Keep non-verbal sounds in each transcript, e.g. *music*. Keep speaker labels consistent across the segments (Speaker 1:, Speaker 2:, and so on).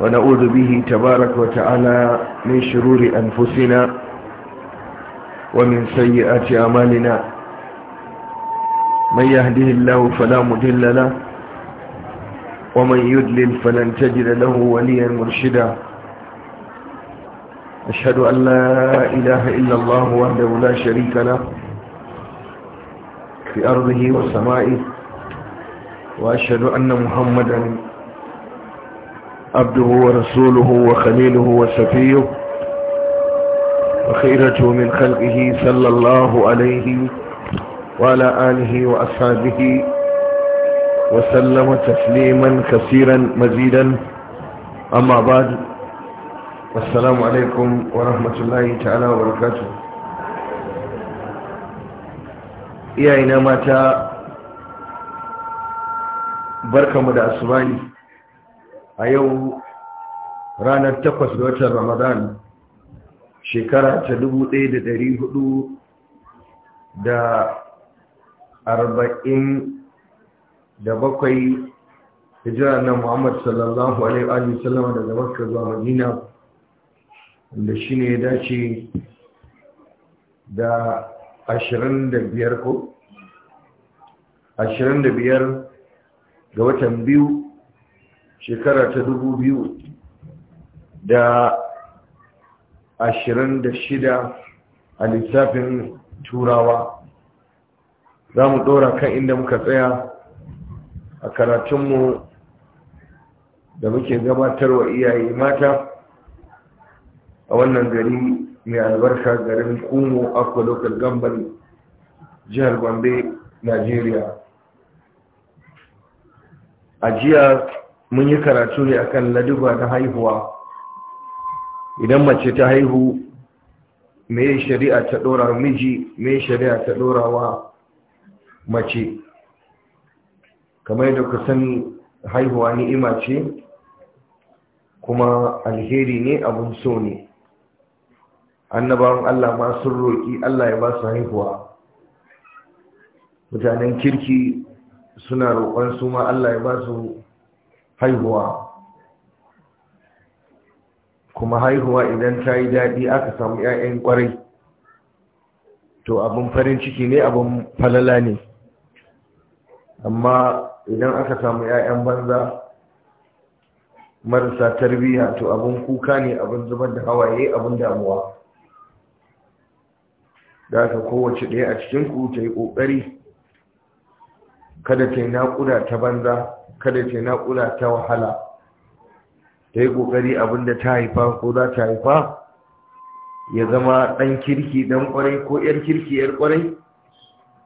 Speaker 1: ونعوذ به تبارك وتعالى من شرور أنفسنا ومن سيئات أمالنا من يهده الله فلا مدل له ومن يدلل فلن تجد له وليا مرشدا أشهد أن لا إله إلا الله وحده لا شريك له في أرضه وسمائه وأشهد أن محمدا عبده ورسوله وخليله وسفيه وخيرته من خلقه صلى الله عليه وعلى آله وأصحابه وسلم تسليما كثيرا مزيدا أما بعد السلام عليكم ورحمة الله تعالى وبركاته يا إنما تا بركة مدى أسباني a yau ranar takwas da watan ramadan shekara ta dubu ɗaya da ɗari hudu da arba'in da bakwai hijira na muhammad sallallahu alaihi wasallam daga makka zuwa madina wanda shi ne ya dace da ashirin da biyar ko ashirin da biyar ga watan biyu shekara ta dubu biyu da ashirin da shida a lissafin turawa za mu ɗora kan inda muka tsaya a karatunmu da muke gabatarwa iyaye mata a wannan gari mai albarka garin kumo akwa local Gambar jihar gombe nigeria a jiya mun yi karatu ne akan laduba na haihuwa idan mace ta haihu me shari'a ta dora miji me shari'a ta dora wa mace kamar yadda ku sani haihuwa ni'ima ce kuma alheri ne abun so ne annabawan Allah ma sun roƙi Allah ya ba su haihuwa mutanen kirki suna roƙon su ma Allah ya ba su haihuwa kuma haihuwa idan ta yi daɗi aka samu 'ya'yan ƙwarai to abin farin ciki ne abin falala ne amma idan aka samu 'ya'yan banza marasa tarbiyya to abin kuka ne abin zubar da hawaye abin damuwa da aka kowace ɗaya a cikinku ta yi ƙoƙari kada ta yi naƙuda ta banza kada ta yi naƙuda ta wahala ta yi ƙoƙari abinda ta haifa ko za ta haifa ya zama ɗan kirki ɗan ƙwarai ko ‘yar kirki ‘yar ƙwarai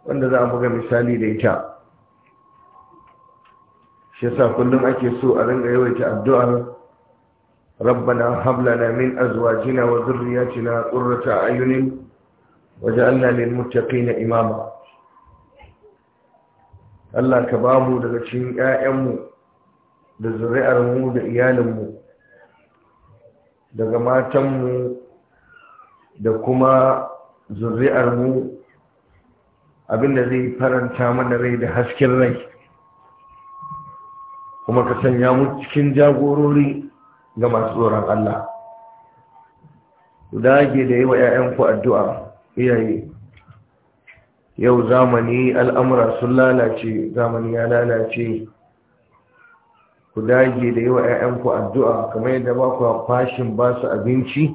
Speaker 1: wanda za a buga misali da ita shi yasa kullum ake so a ringa yawaita addu'ar ربنا هب لنا من أزواجنا وذرياتنا قرة أعين وجعلنا للمتقين imama. Allah ka ba mu daga cikin ƴaƴanmu da zuri'armu da iyalinmu daga matanmu da kuma zuri'armu abinda zai faranta mana rai da hasken rai kuma ka sanya mu cikin jagorori ga masu tsoron Allah ku dage da yi wa 'ya'yanku addu'a iyaye yau zamani al'amura sun lalace zamani ya lalace ku dage da yawa 'ya'yanku addu'a kamar yadda ba ku fashin ba su abinci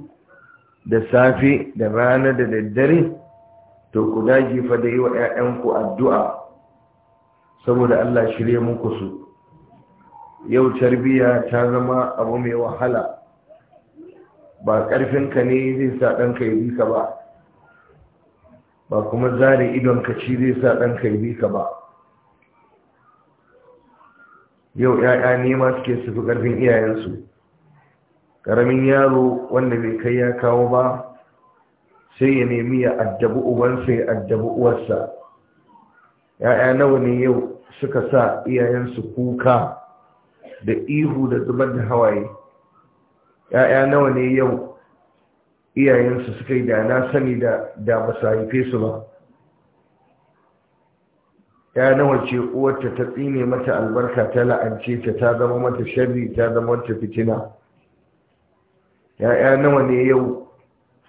Speaker 1: da safe da rana da daddare to ku dage fa da yawa 'ya'yanku addu'a saboda Allah shirye muku su yau tarbiya ta zama abu mai wahala ba ƙarfinka ne zai sa ɗanka yi bisa ba ba kuma zare idon ka ci zai sa ɗan ka bi ka ba yau ‘ya'ya nema suke su fi ƙarfin iyayensu ƙaramin yaro wanda bai kai ya kawo ba sai ya nemi ya addabi ubansa ya addabi uwarsa ‘ya'ya nawa ne yau suka sa iyayensu kuka da ihu da zubar da hawaye ‘ya'ya nawa ne yau iyayensu suka yi da na sani da da ba su haife su ba ya nawa ce uwarta ta tsine mata albarka ta la'ance ta ta zama mata sharri ta zama mata fitina ya'ya nawa ne yau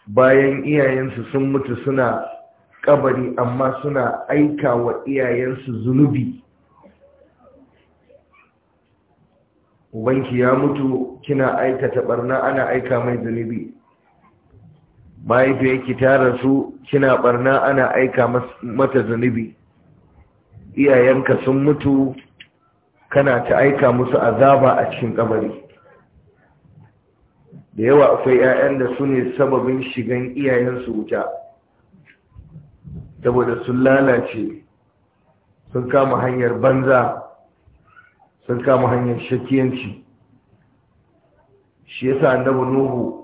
Speaker 1: bayan iyayensu sun mutu suna kabari amma suna aika wa iyayensu zunubi ubanki ya mutu kina aikata barna ana aika mai zunubi mahaifiyarki ta rasu kina barna ana aika mata zunubi iyayenka sun mutu kana ta aika musu azaba a cikin kabari da yawa akwai 'ya'yan da su ne sababin shigan iyayensu wuta saboda sun lalace sun kama hanyar banza sun kama hanyar shakiyanci shi yasa annabu nuhu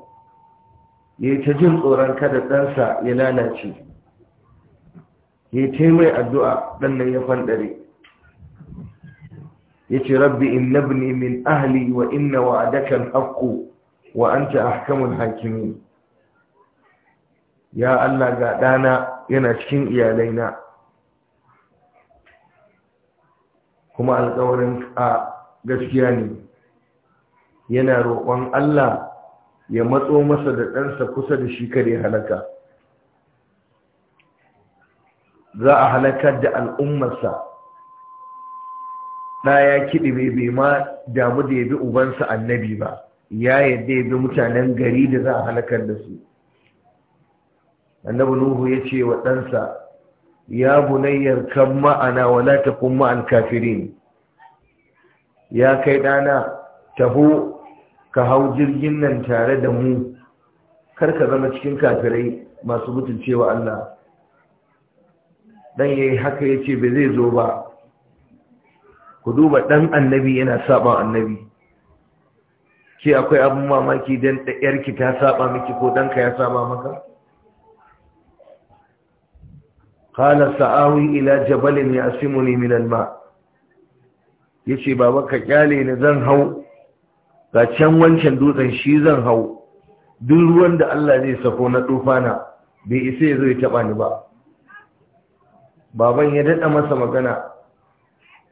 Speaker 1: ya ta jin tsoron kada ɗansa ya lalace ya ta mai addu'a ɗannan ya fanɗare ya ce rabbi in nabni min ahli wa inna wa adakan haƙƙo wa an ta hakamun hakimi ya Allah ga ɗana yana cikin iyalaina kuma alƙawarin a gaskiya ne yana roƙon Allah ya matso masa da ɗansa kusa da shi kare halaka za a halakar da al'ummarsa ɗa ya kiɗi bai ma damu da ya bi ubansa annabi ba ya yadda ya bi mutanen gari da za a halakar da su annabi nuhu ya ce wa ɗansa ya bunayyar kan ma'ana wala ta kuma al kafirin ya kai ɗana taho ka hau jirgin nan tare da mu kar ka zama cikin kafirai masu mutuncewa Allah dan yayi haka yace ba zai zo ba ku duba dan annabi yana saba annabi ke akwai abin mamaki dan da yarki ta saba miki ko ka ya saba maka qala sa'awi ila jabalin yasimuni min al-ma yace baba ka kyale ni zan hau ga can wancan dutsen shi zan hau duk ruwan da Allah zai sako na tufana bai isa ya zo ya taba ni ba baban ya dada masa magana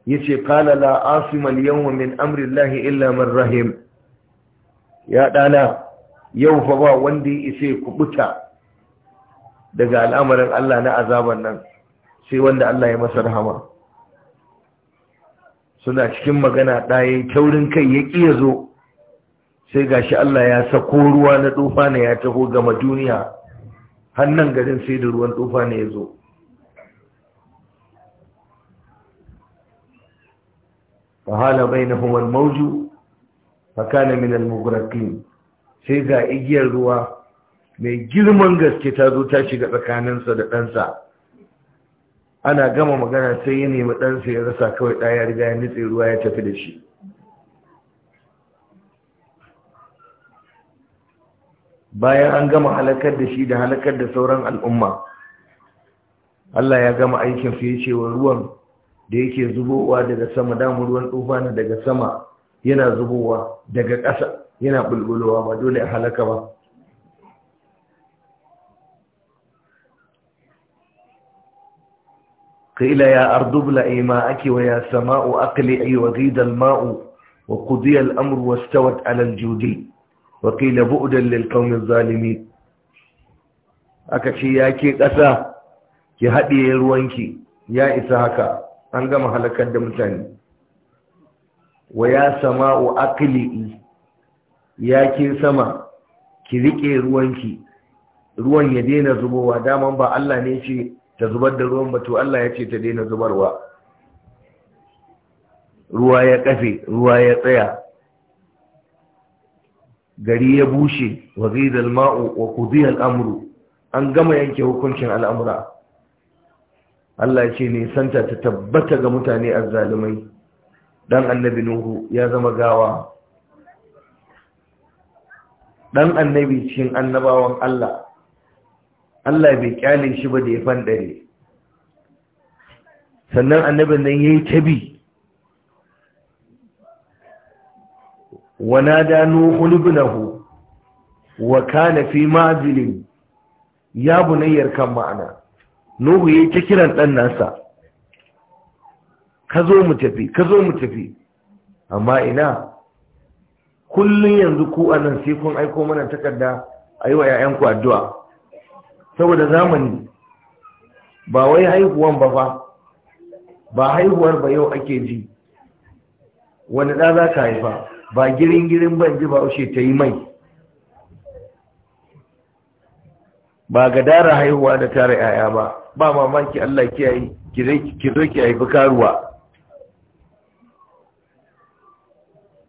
Speaker 1: yace qala la asima al-yawma min amri Allah illa man rahim ya dana yau fa ba wanda ya isa kubuta daga al'amarin Allah na azaban nan sai wanda Allah ya masa rahama suna cikin magana ɗaya taurin kai ya ƙi ya zo sai ga shi Allah ya sako ruwa na ne ya taho gama duniya hannan garin sai da ruwan ne ya zo fahala bainahum al-mawju fakana min al sai ga igiyar ruwa mai girman gaske ta zo ta shiga tsakaninsa da ɗansa ana gama magana sai ya nemi ɗansa ya rasa kawai ɗaya riga ya nitse ruwa ya tafi da shi bayan an gama halakar da shi da halakar da sauran al'umma Allah ya gama aikin fiye cewa ruwan da yake zubowa daga sama damu ruwan na daga sama yana zubowa daga ƙasa yana bulbulowa ba dole a halaka ba ya قيل يا أرض ابلعي ماءك ويا سماء wa وغيد الماء وقضي الأمر واستوت على الجودي وقيل بؤدا للقوم الظالمين aka ce ya ke ƙasa ki haɗiye ruwanki ya isa haka an gama halakar da mutane wa ya sama wa akili ya ke sama ki riƙe ruwanki ruwan ya daina zubowa daman ba Allah ne ce ta zubar da ruwan ba to Allah ya ce ta daina zubarwa ruwa ya kafe ruwa ya tsaya gari ya bushe wa zidal ma'u wa kudi al'amru an gama yanke hukuncin al'amura Allah ya ce ne santa ta tabbata ga mutane azzalumai dan annabi nuhu ya zama gawa dan annabi cikin annabawan Allah Allah bai kyale shi ba da ya fandare sannan annabin nan yayi tabi ونادى نوح ابنه وكان في معزل يا بني اركب معنا نوح يتكرا دان ناسا kazo mu tafi mu tafi amma ina kullun yanzu ku anan sai kun aiko mana takarda ayi wa ku addu'a saboda zamani ba wai haihuwan ba fa ba haihuwar ba yau ake ji wani ɗa za ka haifa ba girin-girin ban ji ba ushe ta yi mai ba ga dara haihuwa da tara yaya ba ba mamaki Allah kiyaye ki zo ki haifi karuwa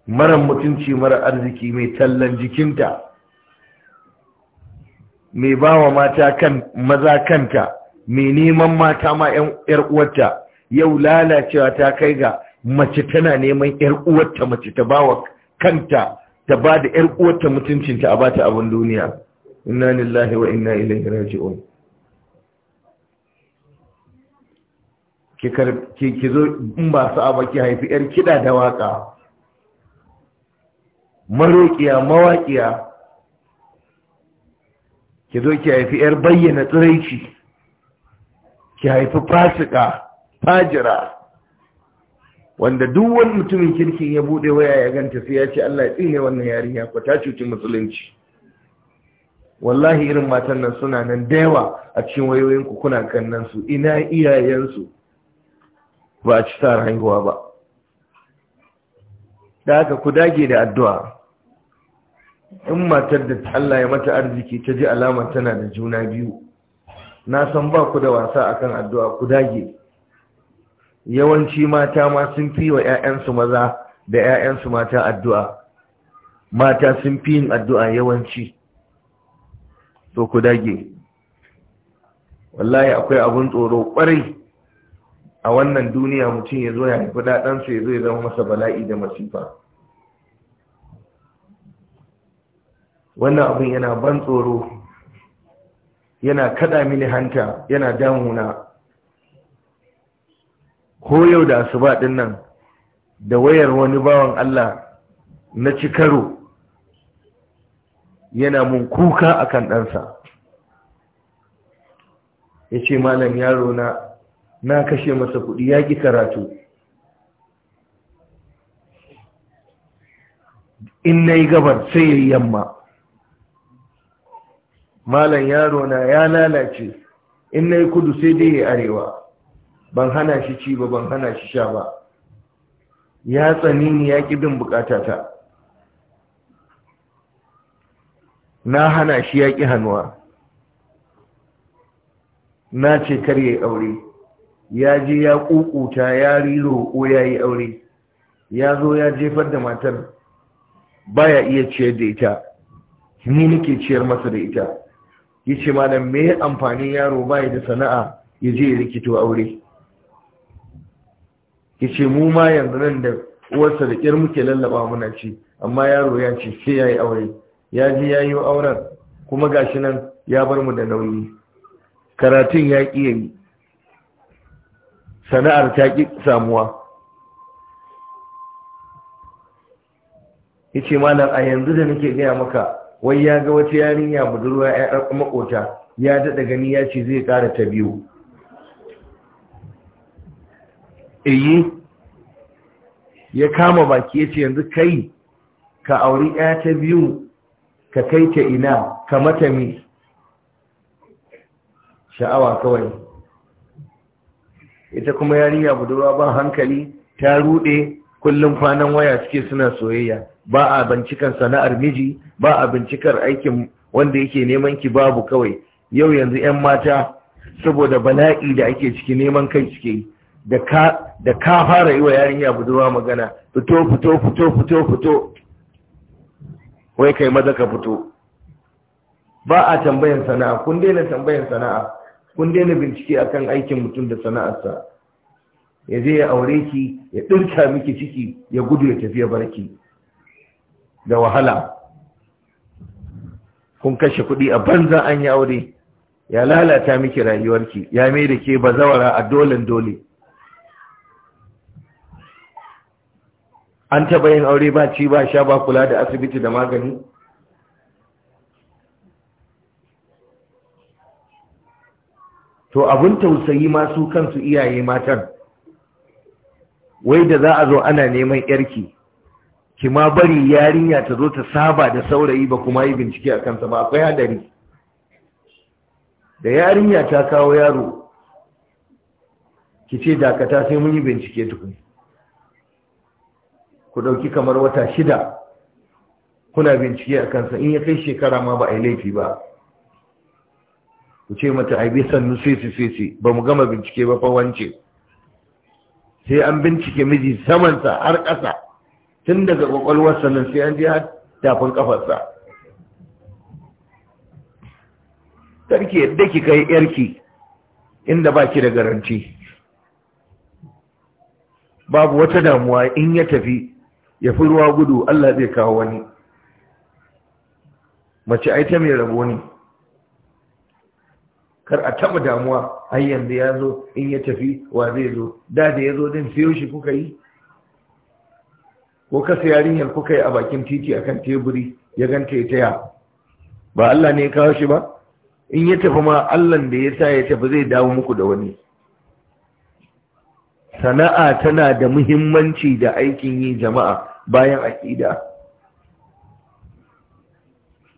Speaker 1: maran mutunci mara arziki mai tallan jikinta mai bawa mata kan maza kanta mai neman mata ma 'yan uwarta yau lalacewa ta kai ga mace tana neman yar uwarta mace ta bawa kanta ta ba da yar uwarta mutuncinta a ba ta abin duniya inna lillahi wa inna ilaihi raji'un ki ki zo in ba su ba ki haifi yar kida da waka maroƙiya mawaƙiya ki zo ki haifi yar bayyana tsiraici ki haifi fasika fajira wanda duk wani mutumin kirkin ya bude waya ya ganta sai ya ce Allah ya tsine wannan yarinya ko ta cuci musulunci wallahi irin matan nan suna nan da yawa a cikin wayoyin ku kuna kannan su ina iyayensu ba a ci tsara haihuwa ba da haka ku dage da addu'a in matar da Allah ya mata arziki ta ji alamar tana da juna biyu na san ba ku da wasa akan addu'a ku dage yawanci mata ma sun fi wa 'ya'yansu maza da 'ya'yansu mata addu'a mata sun fi yin addu'a yawanci to ku dage wallahi akwai abun tsoro kwarai a wannan duniya mutum ya zo ya haifi daɗansu ya zo zama masa bala'i da masifa wannan abin yana ban tsoro yana kaɗa mini hanta yana damuna ko yau da asuba din nan da wayar wani bawan Allah na ci karo yana mun kuka a kan ɗansa ya ce malam yaro na na kashe masa kuɗi ya ƙi karatu in na yi gabar sai ya yamma malam yaro na ya lalace in na yi kudu sai dai ya arewa ban hana shi ci ba ban hana shi sha ba ya tsani ni ya ƙi bin ta. na hana shi ya ƙi hannuwa na ce kar yi aure ya je ya ƙuƙuta ya riro ko ya yi aure ya zo ya jefar da matar baya iya ciyar da ita ni nake ciyar masa da ita ya ce malam me amfanin yaro ya da sana'a ya je ya rikito aure ya ce mu ma yanzu nan da uwarsa da ƙyar muke lallaba muna ci amma yaro ya ce sai ya yi aure ya ji ya yi auren kuma gashi nan ya bar mu da nauyi karatun ya ƙi yi sana'ar ta ƙi samuwa ya ce malam a yanzu da nake gaya maka wai ya ga wata yarinya budurwa ya ɗan makota ya daɗa gani ya ce zai ƙara ta biyu Iyi, eh, ya kama baki ya ce yanzu kai ka auri ɗaya ta biyu ka kai ta ina ka mata mi sha'awa kawai ita kuma yarinya budurwa ba hankali ta ruɗe kullum kwanan waya suke suna soyayya ba a bincikan sana'ar miji ba a bincikar aikin wanda yake neman ki babu kawai yau yanzu 'yan mata saboda bala'i da ake ciki neman kai suke yi da ka fara yi wa yarinya budurwa magana fito fito fito fito fito wai kai maza ka fito ba a tambayan sana'a kun daina tambayan sana'a kun daina bincike akan aikin mutum da sana'arsa ya je ya aure ki ya ɗirka miki ciki ya gudu ya tafi ya barki da wahala kun kashe kuɗi a banza an yi aure ya lalata miki rayuwarki ya mai da ke bazawara a dolen dole an taba yin aure ba ci ba sha ba kula da asibiti da magani to abin tausayi masu kansu iyaye matan wai da za a zo ana neman yarki ki ma bari yarinya ta zo ta saba da saurayi ba kuma yi bincike a kansa ba akwai hadari da yarinya ta kawo yaro ki ce dakata sai mun yi bincike tukuni. ku ɗauki kamar wata shida kuna bincike a kansa in ya kai shekara ma ba a yi laifi ba ku ce mata a bi sannu sesi-sesi, ba mu gama bincike ba fa wance sai an bincike miji samansa har ƙasa tun daga ƙwaƙwalwarsa nan sai an je har tafin ƙafarsa sarki yadda ki kai yarki inda ba ki da garanti babu wata damuwa in ya tafi ya fi ruwa gudu Allah zai kawo wani mace ai ta mai rabo ne kar a taba damuwa har yanzu ya zo in ya tafi wa zai zo da da ya zo din siyo shi kuka yi ko kasa yarinyar kuka yi a bakin titi akan teburi ya ganta ya taya ba Allah ne ya kawo shi ba in ya tafi ma Allah da ya sa ya tafi zai dawo muku da wani sana'a tana da muhimmanci da aikin yi jama'a bayan aƙida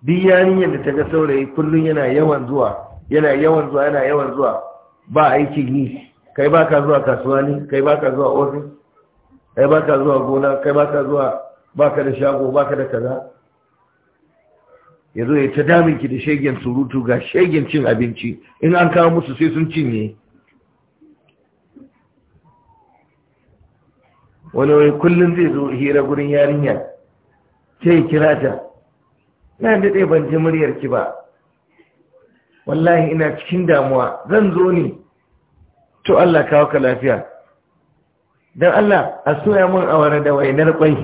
Speaker 1: duk yarinyar da ta ga saurayi kullum yana yawan zuwa yana yawan zuwa yana yawan zuwa ba aikin yi kai ba ka zuwa kasuwa ne kai ba ka zuwa ofis kai ba ka zuwa gona kai ba ka zuwa ba ka da shago ba ka da kaza ya zo ya ta daminki da shegen surutu ga shegen cin abinci in an kawo musu sai sun cinye wani wai kullum zai zo hira gurin yarinya sai kira ta na daɗe ban ji muryar ki ba wallahi ina cikin damuwa zan zo ne to Allah kawo ka lafiya don Allah a soya mun awara da wainar kwai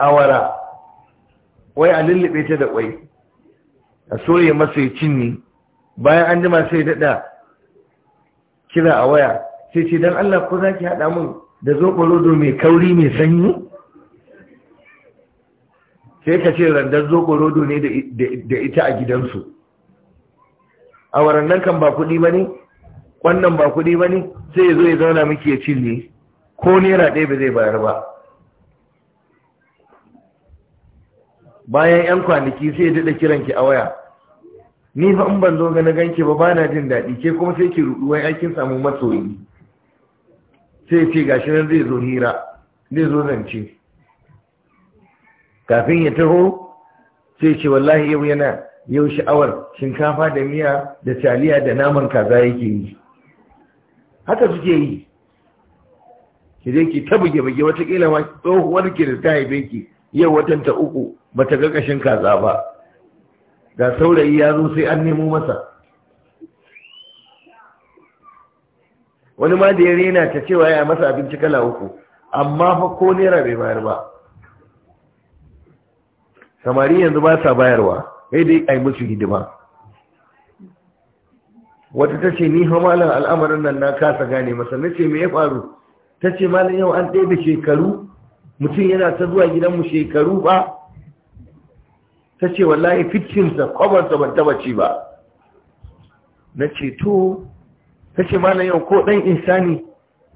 Speaker 1: awara wai a lullube ta da kwai a soya masa yi cinni bayan an jima sai daɗa kira a waya sai ce don Allah ko za ki haɗa mun da zoɓo rodo mai kauri mai sanyi sai ka ce randar zoɓo rodo ne da ita a gidansu a warannan kan ba kuɗi ba ne wannan ba kuɗi ba ne sai ya zo ya zauna miki ya cinye ko nera ɗaya ba zai bayar ba bayan 'yan kwanaki sai ya daɗa ki a waya ni fa ban zo ga na ganki ba ba na jin daɗi ke kuma sai ki ruɗu wai aikin samu masoyi sai ce gashi nan zai zo hira zai zo zance kafin ya taho sai ce wallahi yau yana yau sha'awar shinkafa da miya da taliya da naman kaza yake yi haka suke yi ki dai ki ta buge buge watakila ma tsohuwar ki da ta haife ki yau watan ta uku bata ga kashin kaza ba ga saurayi ya zo sai an nemo masa wani ma da ya rena ta cewa ya masa abinci kala uku amma fa ko naira bai bayar ba samari yanzu ba sa bayarwa sai dai ai musu hidima wata ta ce ni hamalan al'amarin nan na kasa gane masa na ce me ya faru ta ce malam yau an ɗaya shekaru mutum yana ta zuwa gidanmu shekaru ba ta ce wallahi fitinsa kwabarsa ban taba ci ba na ce to ta ce malam yau ko ɗan insani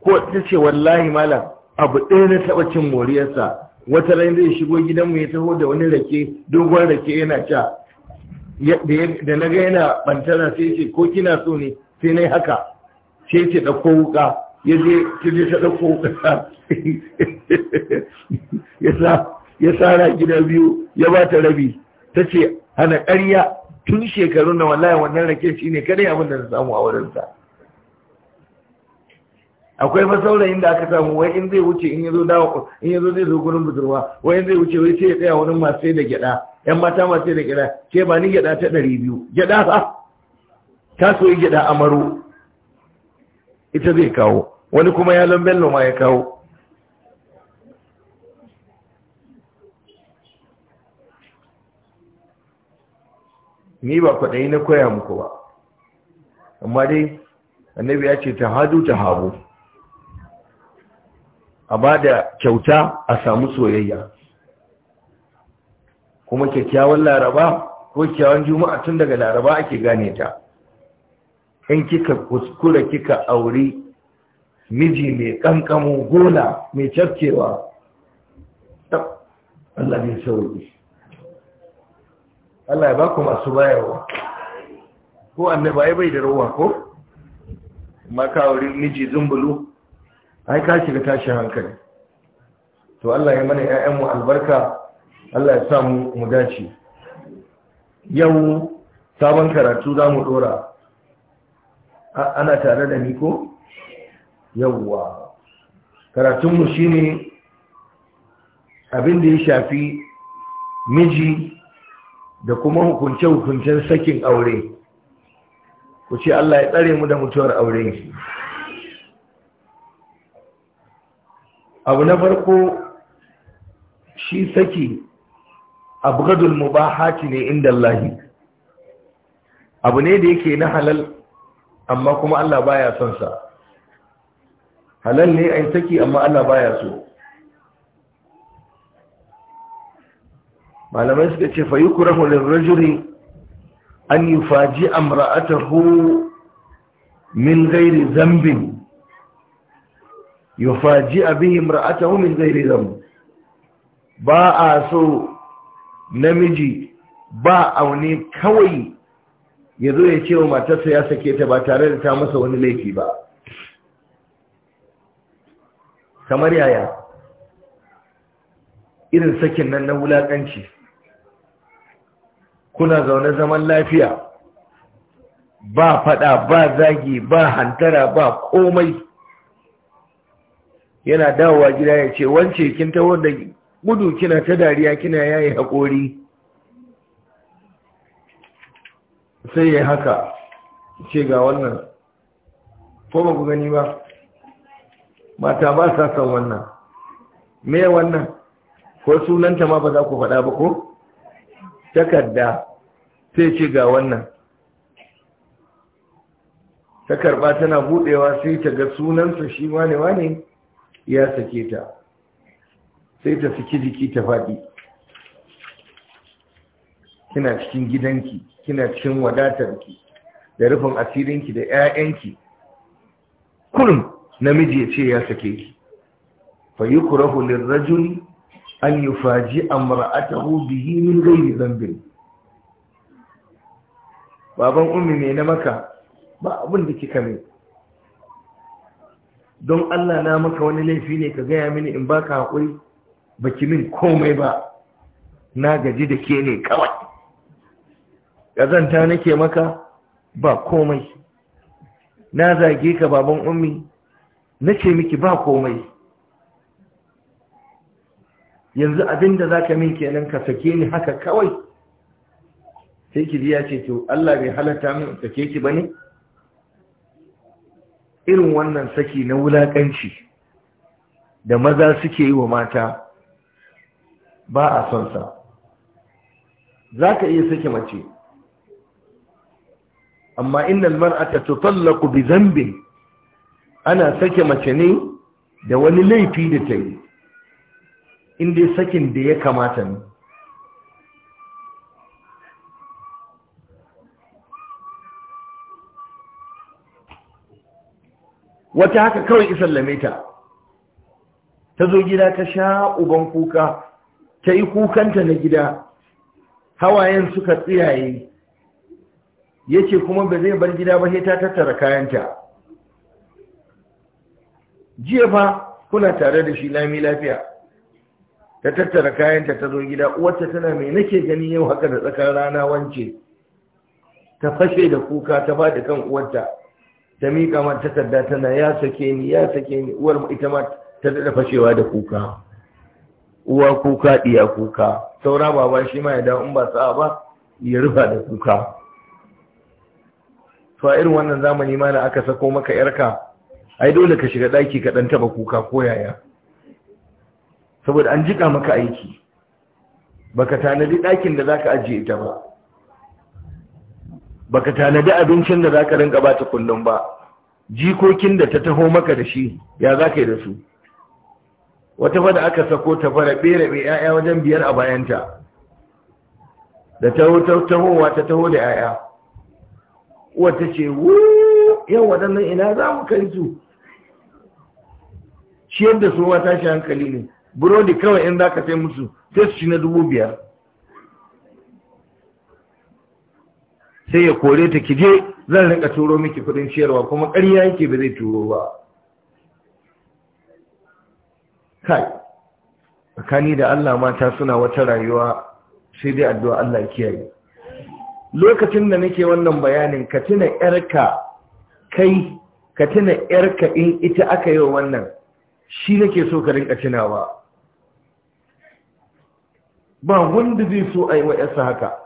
Speaker 1: ko ta ce wallahi malam abu ɗaya na taɓa cin moriyarsa wata rai zai shigo gidanmu ya taho da wani rake dogon rake yana sha da na ga yana bantara sai ce ko kina so ne sai na haka sai ce ɗauko wuka ya je ta ta ɗauko wuka *laughs* ya sara gida biyu ya ba ta rabi ta ce hana ƙarya tun shekaru na wallahi wannan rake shi ne kadai abin da na samu a wurinsa akwai masaurayin da aka samu wai in zai wuce in yazo dawo in yazo zai zo gurin budurwa wai in zai wuce wai sai ya tsaya wurin masu sai da gyada yan mata masu sai da gyada ke ba ni gyada ta 200 gyada ha ta so yi gyada amaro ita zai kawo wani kuma ya lambello ma ya kawo ni ba kwaɗayi na koya muku ba amma dai annabi ya ce ta hadu ta habu a ba da kyauta a samu soyayya kuma kyakkyawan laraba ko kyakkyawan juma'a tun daga laraba ake gane ta in kika kuskura kika auri miji mai kankamo gola mai cafkewa Allah ne sauri Allah ya baku masu bayarwa ko annaba bai da rawa ko maka auri miji zumbulu ai ka shiga tashin hankali to Allah ya mana mu albarka Allah ya sa mu mu dace yau sabon karatu za mu dora ana tare da ni ko yawwa karatunmu shine abin da ya shafi miji da kuma hukunce-hukuncen sakin aure ku ce Allah ya tsare mu da mutuwar aure abu na farko shi saki abgadul mubahati ne inda Allahi abu ne da yake na halal amma kuma Allah baya son sa halal ne ai saki amma Allah baya so malamai suka ce fa yukrahu lirrajuli an yufaji amra'atahu min ghairi zambin yufaji'a bihi imra'atahu min ghairi dhanb ba a so namiji ba aune kawai ya zo ya ce wa matarsa ya sake ta ba tare da ta masa wani laifi ba kamar yaya irin sakin nan na wulaƙanci kuna zaune zaman lafiya ba faɗa ba zagi ba hantara ba komai yana dawowa gida ya ce wance kin ta wanda gudu kina ta dariya kina yayi haƙori sai ya haka ce ga wannan ko ba ku gani ba mata ba sa san wannan me wannan ko sunanta ma ba za ku faɗa ba ko takarda sai ce ga wannan ta karɓa tana buɗewa sai ta ga sunansa shi wane wane ya sake ta sai ta saki jiki ta faɗi kina cikin gidanki kina cikin wadatarki da rufin asirinki da 'ya'yanki kurum namiji ya ce ya sake ki fa yukrahu lirrajuli an yufaji amra'atahu bihi min ghairi dhanbin baban ummi ne na maka ba abin kika mai don Allah na maka wani laifi ne ka gaya mini in baka haƙuri baki min komai ba na gaji da ke ne kawai ƙazanta nake maka ba komai na zage ka baban ummi na ce miki ba komai yanzu abinda za ka min kenan ka sake ni haka kawai sai ki ya ce to Allah bai halatta min sake ki ba ne irin wannan saki na wulaƙanci da maza suke yi wa mata ba a son sa za ka iya sake mace amma innal mar'ata tutallaqu bi dhanbin ana sake mace ne da wani laifi da ta yi inda sakin da ya kamata ne wata haka kawai isallame ta ta zo gida ta sha uban kuka ta yi kukanta na gida hawayen suka tsiyaye ya ce kuma ba zai bar gida ba sai ta tattara kayanta jiya fa kuna tare da shi lami lafiya ta tattara kayanta ta zo gida uwarta tana mai nake gani yau haka da tsakar rana wance ta fashe da kuka ta faɗi kan uwarta ta miƙa mata takarda tana ya sake ni ya sake ni uwar ita ma ta daɗa fashewa da kuka uwa kuka ɗiya kuka saura baba shi ma ya dawo in ba sa'a ba ya rufa da kuka to a irin wannan zamani ma da aka sako maka yarka ai dole ka shiga ɗaki ka ɗan taɓa kuka ko yaya saboda an jiƙa maka aiki baka tanadi ɗakin da zaka ajiye ita ba baka tanadi abincin da zaka rinka ba ta kullum ba jikokin da ta taho maka da shi ya zaka yi da su wata fa da aka sako ta fara bere be yaya wajen biyar a bayanta da taho tahowa ta taho da yaya wata ce wu yau waɗannan ina za mu kai su ciyar da su wata shi hankali ne burodi kawai in za ka sai musu sai su ci na dubu biyar sai ya kore ta kije zan rika turo miki kudin ciyarwa kuma ƙarya yake ba zai turo ba kai tsakani da Allah mata suna wata rayuwa sai dai addu'a Allah kiyaye lokacin da nake wannan bayanin ka tuna yarka kai ka tuna yarka in ita aka yi wannan shi nake so ka rinka tunawa ba wanda zai so a yi wa yarsa haka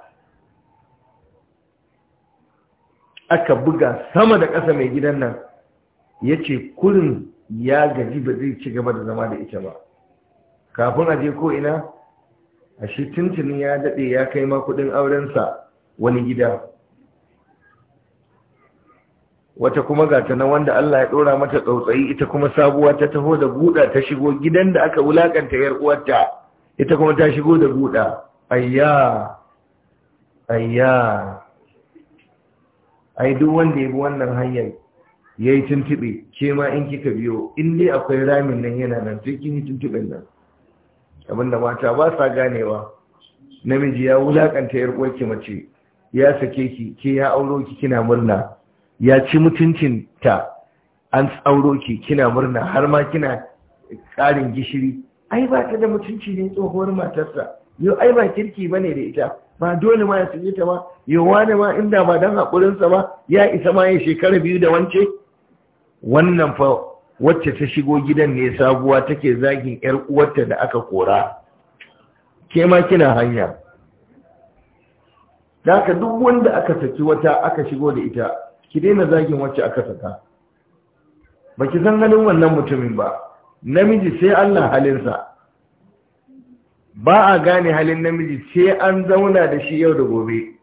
Speaker 1: aka buga sama da ƙasa mai gidan nan ya ce kurin ya gaji ba zai ci gaba da zama da ita ba kafin a je ko'ina a shi tuntunin ya daɗe ya kai ma kuɗin aurensa wani gida wata kuma gata na wanda Allah ya ɗora mata tsautsayi ita kuma sabuwa ta taho da buɗa ta shigo gidan da aka wulaƙanta yar uwarta ita kuma ta shigo da buɗa ayya ayya ai duk wanda ya bi wannan hanyar ya yi tuntuɓe ke ma in kika biyo in dai akwai ramin nan yana nan sai kin yi tuntuɓen nan abinda mata ba sa ganewa namiji ya wulakanta yar uwarki mace ya sake ki ke ya auro ki kina murna ya ci mutuncin ta an auro ki kina murna har ma kina ƙarin gishiri ai ba ta da mutunci ne tsohuwar matarsa yau ai ba kirki ba ne da ita ba dole ma ya sanye ta ba yawa ne ma inda ba don haƙurinsa ba ya isa ma ya shekara biyu da wance wannan fa wacce ta shigo gidan ne sabuwa take zagin yar uwarta da aka kora ke ma kina hanya da aka duk wanda aka saki wata aka shigo da ita ki daina zagin wacce aka saka ba ki san ganin wannan mutumin ba namiji sai Allah halinsa ba a gane halin namiji ce an zauna da shi yau da gobe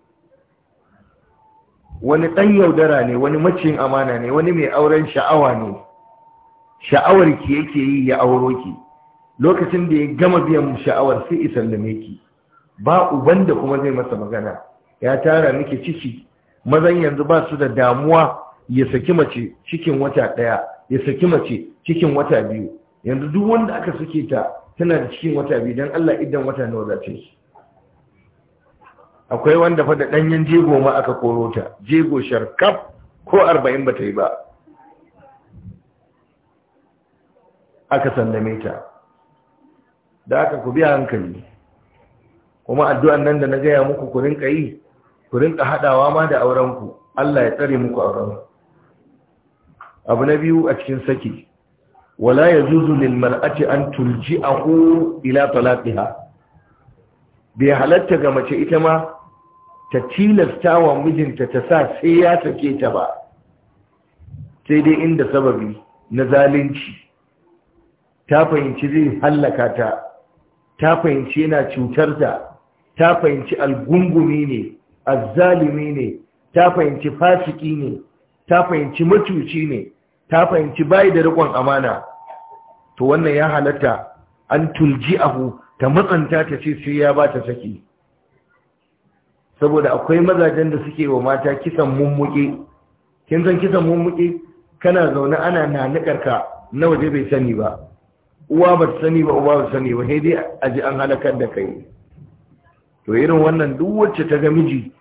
Speaker 1: wani ɗan yaudara ne wani macin amana ne wani mai auren sha'awa ne sha'awar ki yake yi ya auro ki lokacin da ya gama biyan sha'awar sai isa da ki ba uban da kuma zai masa magana ya tara miki ciki mazan yanzu ba su da damuwa ya saki mace cikin wata ɗaya ya saki mace cikin wata biyu yanzu duk wanda aka suke ta tana da cikin wata biyu don Allah idan wata nawa za ta yi akwai wanda fa da ɗanyen jego ma aka koro ta jego sharkaf ko arba'in ba ta yi ba aka sallame ta da aka ku biya hankali kuma addu'an nan da na gaya muku ku rinka yi ku rinka haɗawa ma da aurenku Allah ya tsare muku auren abu na biyu a cikin saki wala yajuzu lil mar'ati an tulji'ahu ila talaqiha bai halarta ga mace ita ma ta tilasta wa mijinta ta sa sai ya sake ta ba sai dai inda sababi na zalunci ta fahimci zai hallaka ta ta fahimci yana cutar ta ta fahimci algungumi ne azzalimi ne ta fahimci fasiki ne ta fahimci macuci ne ta fahimci bai da rikon amana to wannan ya halatta an tulji abu ta matsanta ta ce sai ya ba ta saki saboda akwai mazajen da suke wa mata kisan mummuke kin san kisan mummuke kana zaune ana na nikarka na waje bai sani ba uwa ba ta sani ba uwa ba ta sani ba sai dai a ji an halakar da kai to irin wannan duk wacce ta ga miji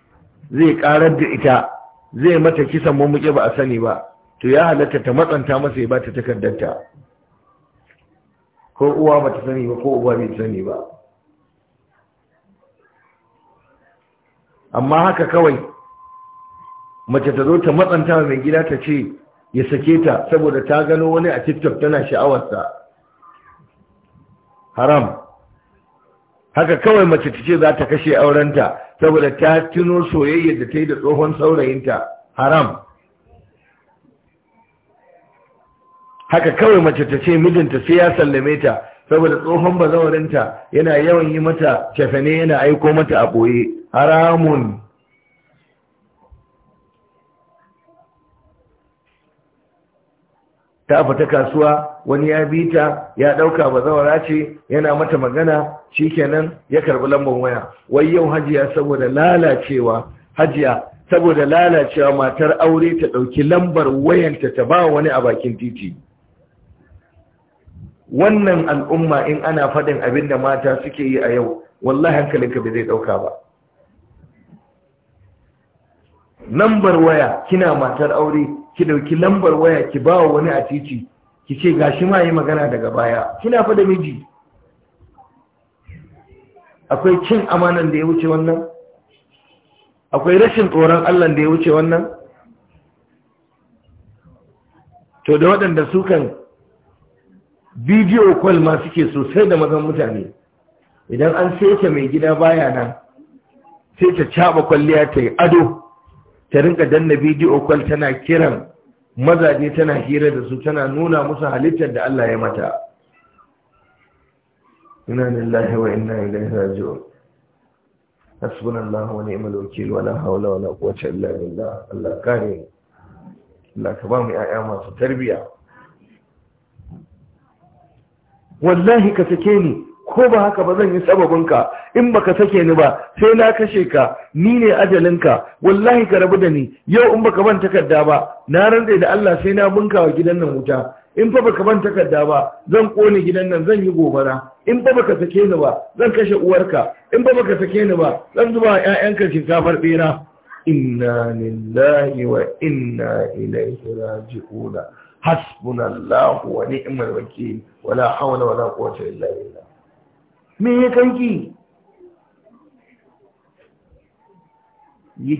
Speaker 1: zai karar da ita zai mata kisan mummuke ba a sani ba to ya halatta ta matsanta masa ya bata takardarta ko uwa ta sani ba ko uba bai sani ba amma haka kawai mace ta zo ta matsanta mai gida ta ce ya sake ta saboda ta gano wani a tiktok tana sha'awarsa haram haka kawai mace ta ce za ta kashe aurenta saboda ta tuno soyayyar da ta yi da tsohon saurayinta haram haka kawai mace ta ce mijinta sai ya sallame ta saboda tsohon bazawarinta yana yawan yi mata cefane yana aiko mata a ɓoye haramun
Speaker 2: ta fita kasuwa wani ya bi ta ya ɗauka bazawara ce yana mata magana shikenan ya karɓi lambar
Speaker 1: waya wai yau hajiya saboda lalacewa hajiya saboda lalacewa matar aure ta ɗauki lambar wayanta ta ba wani a bakin titi wannan al'umma in ana faɗin abin da mata suke yi a yau wallahi hankalinka bai zai ɗauka ba lambar waya kina matar aure ki ɗauki lambar waya ki ba wa wani a titi ki ce ga shi ma yi magana daga baya kina fa miji akwai cin amanan da ya wuce wannan akwai rashin tsoron Allah da ya wuce wannan to da waɗanda su kan bidiyo kwal ma suke sosai da mazan mutane idan an seta mai gida baya nan sai ta caba kwalliya ta yi ado ta rinka danna bidiyo kwal tana kiran mazaje tana hira da su tana nuna musu halittar da Allah ya mata ina lillahi wa inna ilaihi raji'un hasbunallahu wa ni'mal wakeel wala hawla wala quwwata illa billah Allah kare Allah ka ba mu ƴaƴa masu tarbiyya wallahi ka sake ni ko ba haka ba zan yi sababinka in baka sake ni ba sai na kashe ka ni ne ajalinka wallahi ka rabu da ni yau in baka ban takarda ba na rantsa da Allah sai na bunka wa gidan nan wuta in fa baka ban takarda ba zan kone gidan nan zan yi gobara in fa baka sake ni ba zan kashe uwarka in fa baka sake ni ba zan zuba wa 'ya'yanka shinkafar bera inna lillahi wa inna ilaihi raji'una hasbunallahu wa ni'mal wakil wala hawla wala quwwata illa billah me ya kanki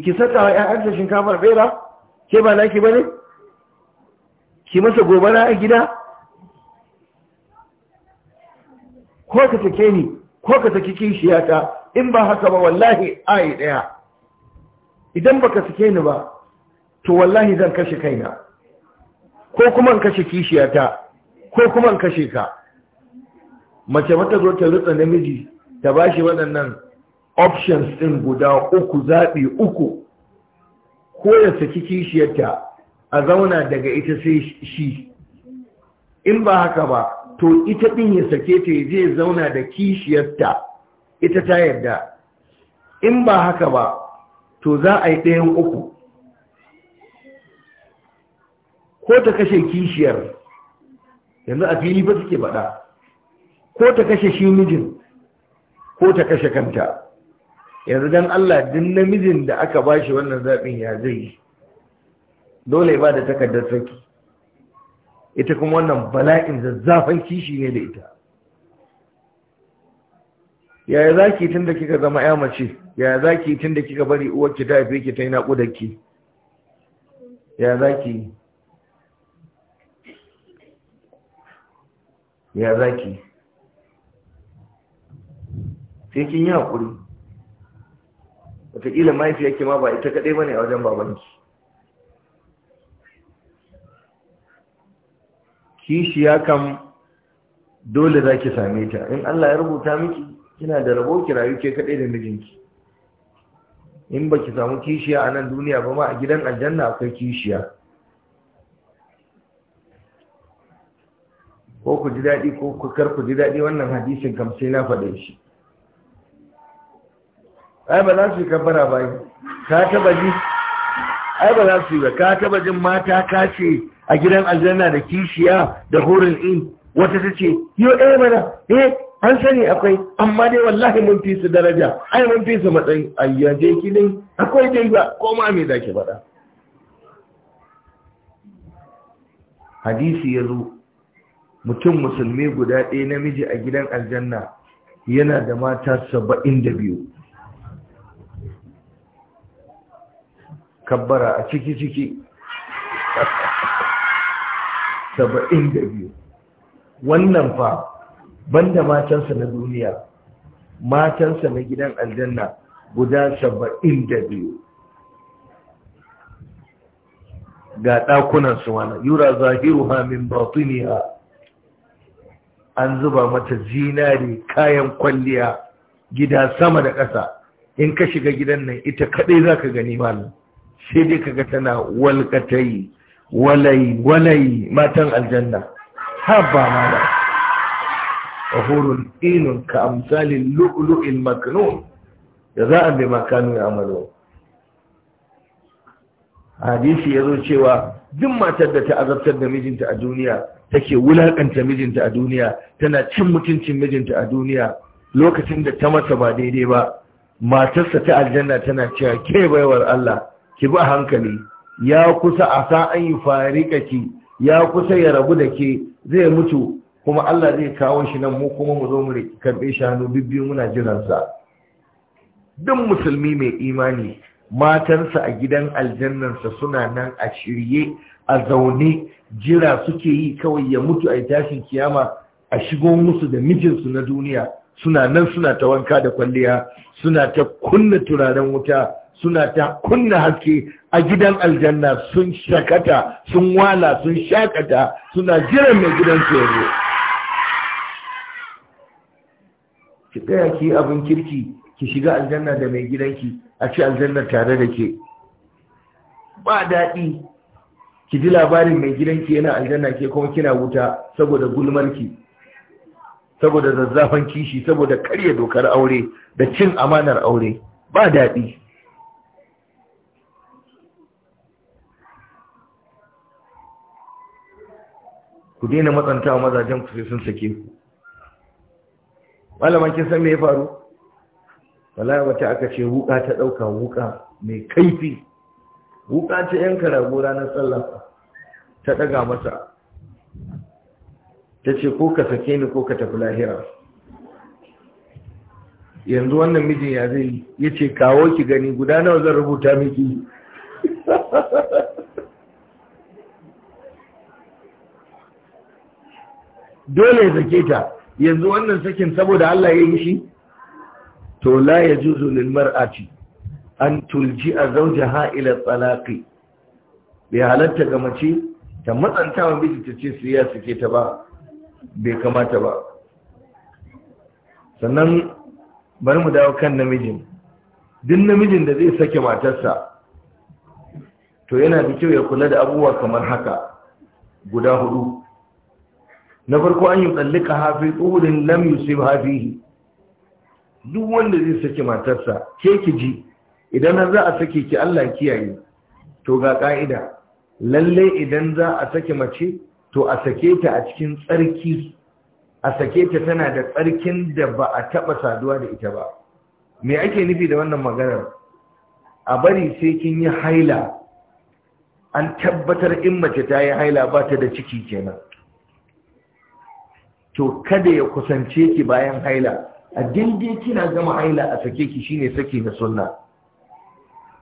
Speaker 1: ki saka wa 'yan arzikin shinkafar bera ke ba naki ne? ki masa gobara a gida ko ka take ni ko ka take kishiyata in ba haka ba wallahi ai daya idan ba ka sake ni ba to wallahi zan kashe kaina ko kuma in kashe kishiyata ko kuma in kashe ka mace mata zo ta rutsa namiji ta ba shi waɗannan options ɗin guda uku zaɓi uku ko ya saki kishiyarta a zauna daga ita sai shi in ba haka ba to ita ɗin ya sake ta je zauna da kishiyarta ita ta yarda in ba haka ba to za a yi ɗayan uku ko ta kashe kishiyar yanzu a fili ba suke faɗa ko ta kashe shi mijin ko ta kashe kanta yanzu don Allah din namijin da aka ba shi wannan zaɓin ya zai yi dole ba da takardar saki ita kuma wannan bala'in zazzafan kishi ne da ita yaya za ki tun da kika zama ya mace yaya za ki tun da kika bari uwarki ta haife ki ta yi naƙudarki yaya za ki ya zaki sai kin yi haƙuri wataƙila mahaifiyarki ma ba ita kaɗai ba ne a wajen babanki kishiya kam dole za ki same ta in Allah ya rubuta miki kina da rabo ki rayu ke kaɗai da mijinki in ba ki samu kishiya a nan duniya ba ma a gidan aljanna akwai kishiya ko ku ji daɗi ko ku kar ku ji daɗi wannan hadisin kam sai na faɗe shi ai ba za su yi kabbara ba ka taba ji ai ba za su yi ba ka taba jin mata ka ce a gidan aljanna da kishiya da hurin in wata ta ce yo eh mana eh an sani akwai amma dai wallahi mun fi su daraja ai mun fi su matsayi ayyaje ki dai akwai dai ba ko ma me zaki faɗa hadisi ya zo mutum musulmi guda ɗaya namiji a gidan aljanna yana da mata saba'in da biyu kabbara a ciki-ciki *laughs* saba'in da biyu wannan fa banda matansa na duniya matansa na gidan aljanna guda saba'in da biyu ga ɗakunansu wani yura zahiru hamin batuniya an zuba mata zinare kayan kwalliya gida sama da ƙasa in ka shiga gidan nan ita kaɗai za ka gani malam sai dai ka ga tana walƙatai walai walai matan aljanna haba A ahurun inun ka amsalin lu'lu'il makano da za a bai makano ya amalo hadisi ya zo cewa duk matar da ta azabtar da mijinta a duniya take wulakanta mijinta a duniya tana cin mutuncin mijinta a duniya lokacin da ta masa ba daidai ba matarsa ta aljanna tana cewa ke baiwar Allah ki bi hankali ya kusa a sa an yi farika ki ya kusa ya rabu da ke zai mutu kuma Allah zai kawo shi nan mu kuma mu zo mu karbe shi hannu bibbiyu muna jiransa duk musulmi mai imani matansa a gidan aljannarsa suna nan a shirye a zaune jira suke yi kawai ya mutu a tashin kiyama a shigo musu da mijinsu na duniya suna nan suna ta wanka da kwalliya suna ta kunna turaren wuta suna ta kunna haske a gidan aljanna sun shakata sun wala sun shakata suna jiran mai gidan yanzu ki tsaya ki abin kirki ki shiga aljanna da mai gidanki a ci aljanna tare da ke ba daɗi ki ji labarin mai gidanki yana aljanna ke kuma kina wuta saboda gulmarki saboda zazzafan kishi saboda karya dokar aure da cin amanar aure ba daɗi ku daina matsantawa mazajen ku sai sun sake ku malaman kin san me ya faru wallahi wata aka ce wuka ta ɗauka wuka mai kaifi wuka ce yan karago ranar sallah ta daga masa ta ce ko ka sake ni ko ka tafi lahira yanzu wannan mijin ya zai ya ce kawo ki gani guda nawa zan rubuta miki *laughs* dole ya sake ta yanzu wannan sakin saboda Allah ya yi shi to la ya juzu lil mar'ati an a zawjaha ila tsalaƙi bai halatta ga mace ta matsanta wa miji ta ce su ya suke ta ba bai kamata ba sannan bari mu dawo kan namijin duk namijin da zai sake matarsa to yana da kyau ya kula da abubuwa kamar haka guda hudu na farko an yi tsallika hafi tsohudin lam yusuf hafi. duk wanda zai sake matarsa ke ki ji idan za a sake ki Allah kiyaye to ga ka'ida lalle idan za a sake mace to a sake ta a cikin tsarki a sake ta tana da tsarkin da ba a taba saduwa da ita ba me ake nufi da wannan maganar a bari sai kin yi haila an tabbatar in mace ta yi haila ba ta da ciki kenan to kada ya kusance ki bayan haila a daidai kina gama haila a sake ki shine saki na sunna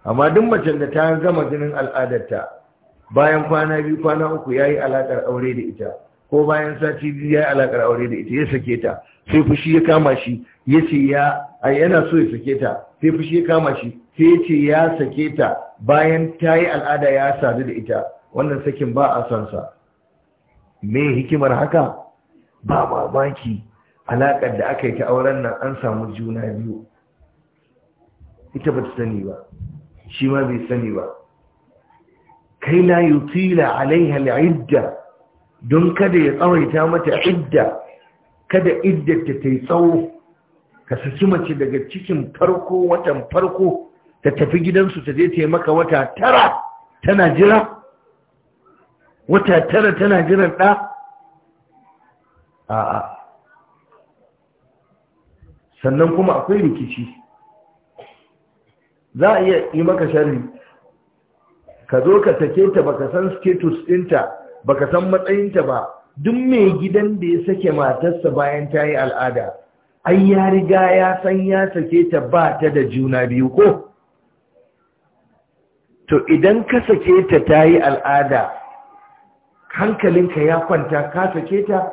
Speaker 1: amma duk macen da ta gama jinin al'adarta bayan kwana biyu kwana uku ya yi alaƙar aure da ita ko bayan sati biyu ya yi alaƙar aure da ita ya sake ta sai fushi ya kama shi ya ce ya yana so ya sake ta sai fushi ya kama shi sai ya ce ya sake ta bayan ta yi al'ada ya sadu da ita wannan sakin ba a son sa me hikimar haka ba mamaki alaƙar da aka yi ta auren nan an samu juna biyu ita ba ta sani ba shi ma bai sani ba kai la yutila alaiha al'idda don kada ya tsawaita mata idda kada iddata ta yi tsawo ka saki mace daga cikin farko watan farko ta tafi gidansu ta je taimaka maka wata tara tana jira wata tara tana jiran ɗa a'a sannan kuma akwai rikici za a iya yi maka sharri ka zo ka take ta baka san status ɗinta baka san matsayinta ba duk mai gidan da ya sake matarsa bayan ta yi al'ada ai ya riga ya san ya sake ta ba ta da juna biyu ko to idan ka sake ta ta yi al'ada hankalinka ya kwanta ka sake ta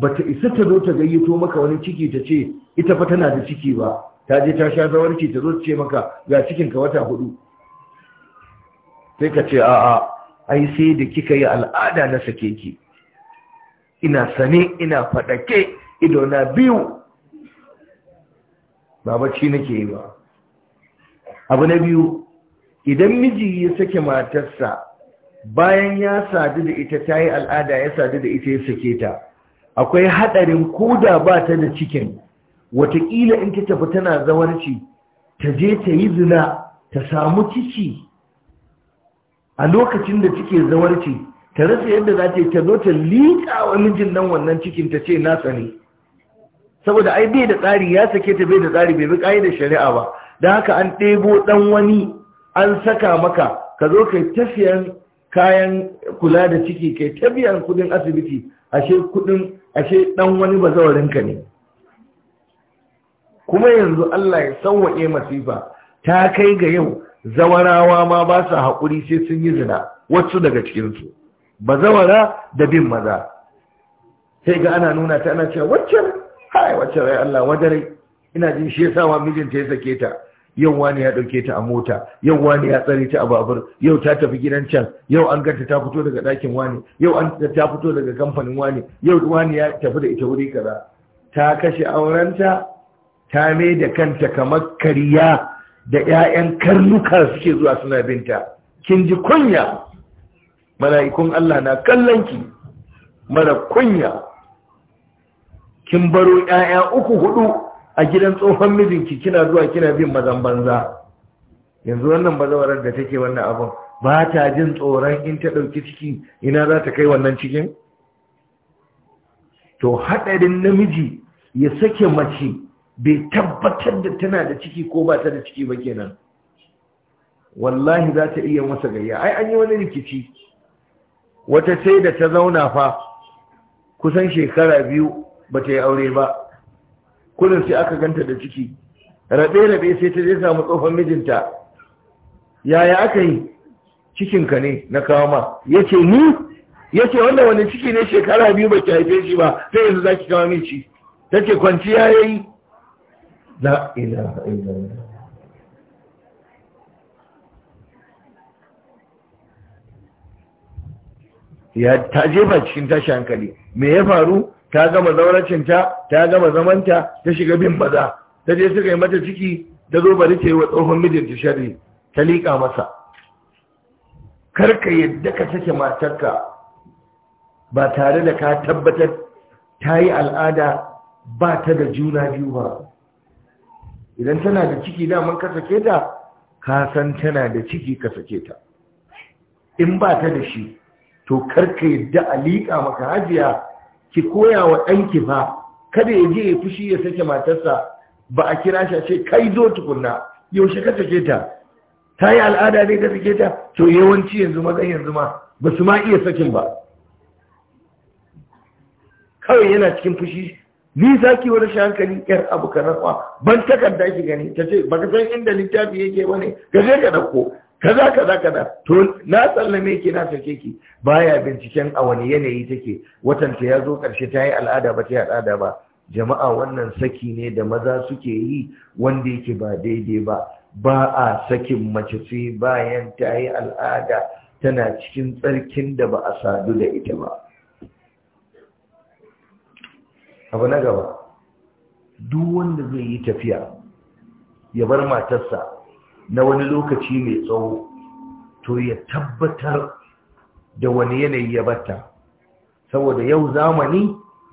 Speaker 1: ba ta isa ta zo ta gayyato maka wani ciki ta ce ita fa tana da ciki ba ta je ta sha zawarci ta zo ce maka ga cikinka wata hudu sai ka ce a'a ai sai da kika yi al'ada na sake ki ina sane ina fadake na biyu ba bacci nake yi ba abu na biyu idan miji ya sake matarsa bayan ya sadu da ita ta yi al'ada ya sadu da ita ya sake ta akwai hadarin koda ba ta da cikin watakila in ta tafi tana zawarci ta je ta yi zina ta samu ciki a lokacin da cike zawarci ta rasa yadda za ta ta zo ta liƙa wa mijin nan wannan cikin ta ce nasa ne saboda ai bai da tsari ya sake ta bai da tsari bai bi da shari'a ba da haka an ɗebo ɗan wani an saka maka ka zo kai tafiyan kayan kula da ciki kai tafiyan kudin asibiti ashe kudin ashe ɗan wani bazawarinka ne kuma yanzu Allah ya sauwaƙe masifa ta kai ga yau zawarawa ma ba su haƙuri sai sun yi zina wasu daga cikinsu ba zawara da bin maza sai ga ana nuna ta ana cewa waccan hai waccan rai Allah wadare ina jin shi yasa wa mijinta ya sake ta yau wani ya ɗauke ta a mota yau wani ya tsare ta a babur yau ta tafi gidan can yau an ganta ta fito daga ɗakin wani yau an ta fito daga kamfanin wani yau wani ya tafi da ita wuri kaza ta kashe aurenta ta mai da kanta kamar kariya da 'ya'yan karnuka suke zuwa suna binta kin ji kunya mala'ikun Allah na kallonki mara kunya kin baro 'ya'ya uku hudu a gidan tsohon mijinki kina zuwa kina bin mazan banza yanzu wannan bazawarar da take wannan abin ba ta jin tsoron in ta ɗauki ciki ina za ta kai wannan cikin to haɗarin namiji ya sake mace bai tabbatar da tana da ciki ko ba ta da ciki ba kenan wallahi za ta iya masa gayya ai an yi wani rikici wata sai da ta zauna fa kusan shekara biyu ba ta yi aure ba kudin sai aka ganta da ciki rabe-rabe sai ta je samu tsohon mijinta yaya aka yi cikinka ne na kawo ma ya ce ni ya ce wanda wani ciki ne shekara biyu ba ki haife shi ba sai yanzu za ki kawo min ci ta ce kwanciya ya yi ya ta jefa cikin tashi hankali me ya faru ta gama zauracinta ta gama zamanta ta shiga bin baza. ta je suka yi mata ciki ta zo bari ta yi wa tsohon mijinta shari ta liƙa masa karka yadda ka sake matarka ba tare da ka tabbatar ta yi al'ada ba ta da juna biyu ba idan tana da ciki daman ka sake ta ka san tana da ciki ka sake ta in ba ta da shi to karka yadda a maka hajiya ki koya wa ɗanki fa kada ya je ya fushi ya sake matarsa ba a kira shi a ce kai zo tukunna yaushe ka sake ta ta yi al'ada ne ka sake ta to yawanci yanzu mazan yanzu ma ba su ma iya sakin ba kawai yana cikin fushi ni za ki wani shi hankali yar abu ka rafa ban takarda ki gani ta ce baka san inda littafi yake ba ne ka je ka dauko kaza kaza kaza to na tsallame ki na sake ki baya binciken a wani yanayi take Watanta ya zo karshe ta yi al'ada ba ta yi al'ada ba jama'a wannan saki ne da maza suke yi wanda yake ba daidai ba ba a sakin mace sai bayan ta yi al'ada tana cikin tsarkin da ba a sadu da ita ba abu na gaba duk wanda zai yi tafiya ya bar matarsa na wani lokaci mai tsawo to ya tabbatar da wani yanayi ya batta saboda yau zamani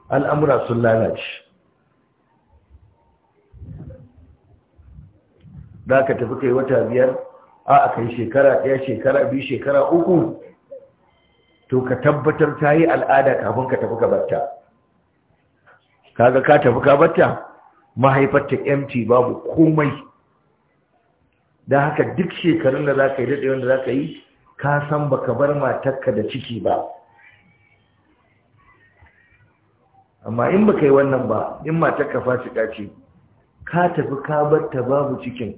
Speaker 1: al'amura sun lalace za ka tafi kai wata biyar a yi shekara ɗaya shekara biyu shekara uku to ka tabbatar ta yi al'ada kafin ka tafi ka batta kaga ka tafi ka batta mahaifarta empty babu komai dan haka duk shekarun da za yi daɗe wanda za ka yi ka san ba bar matarka da ciki ba amma in baka yi wannan ba in matarka fasika ce ka tafi ka batta babu cikin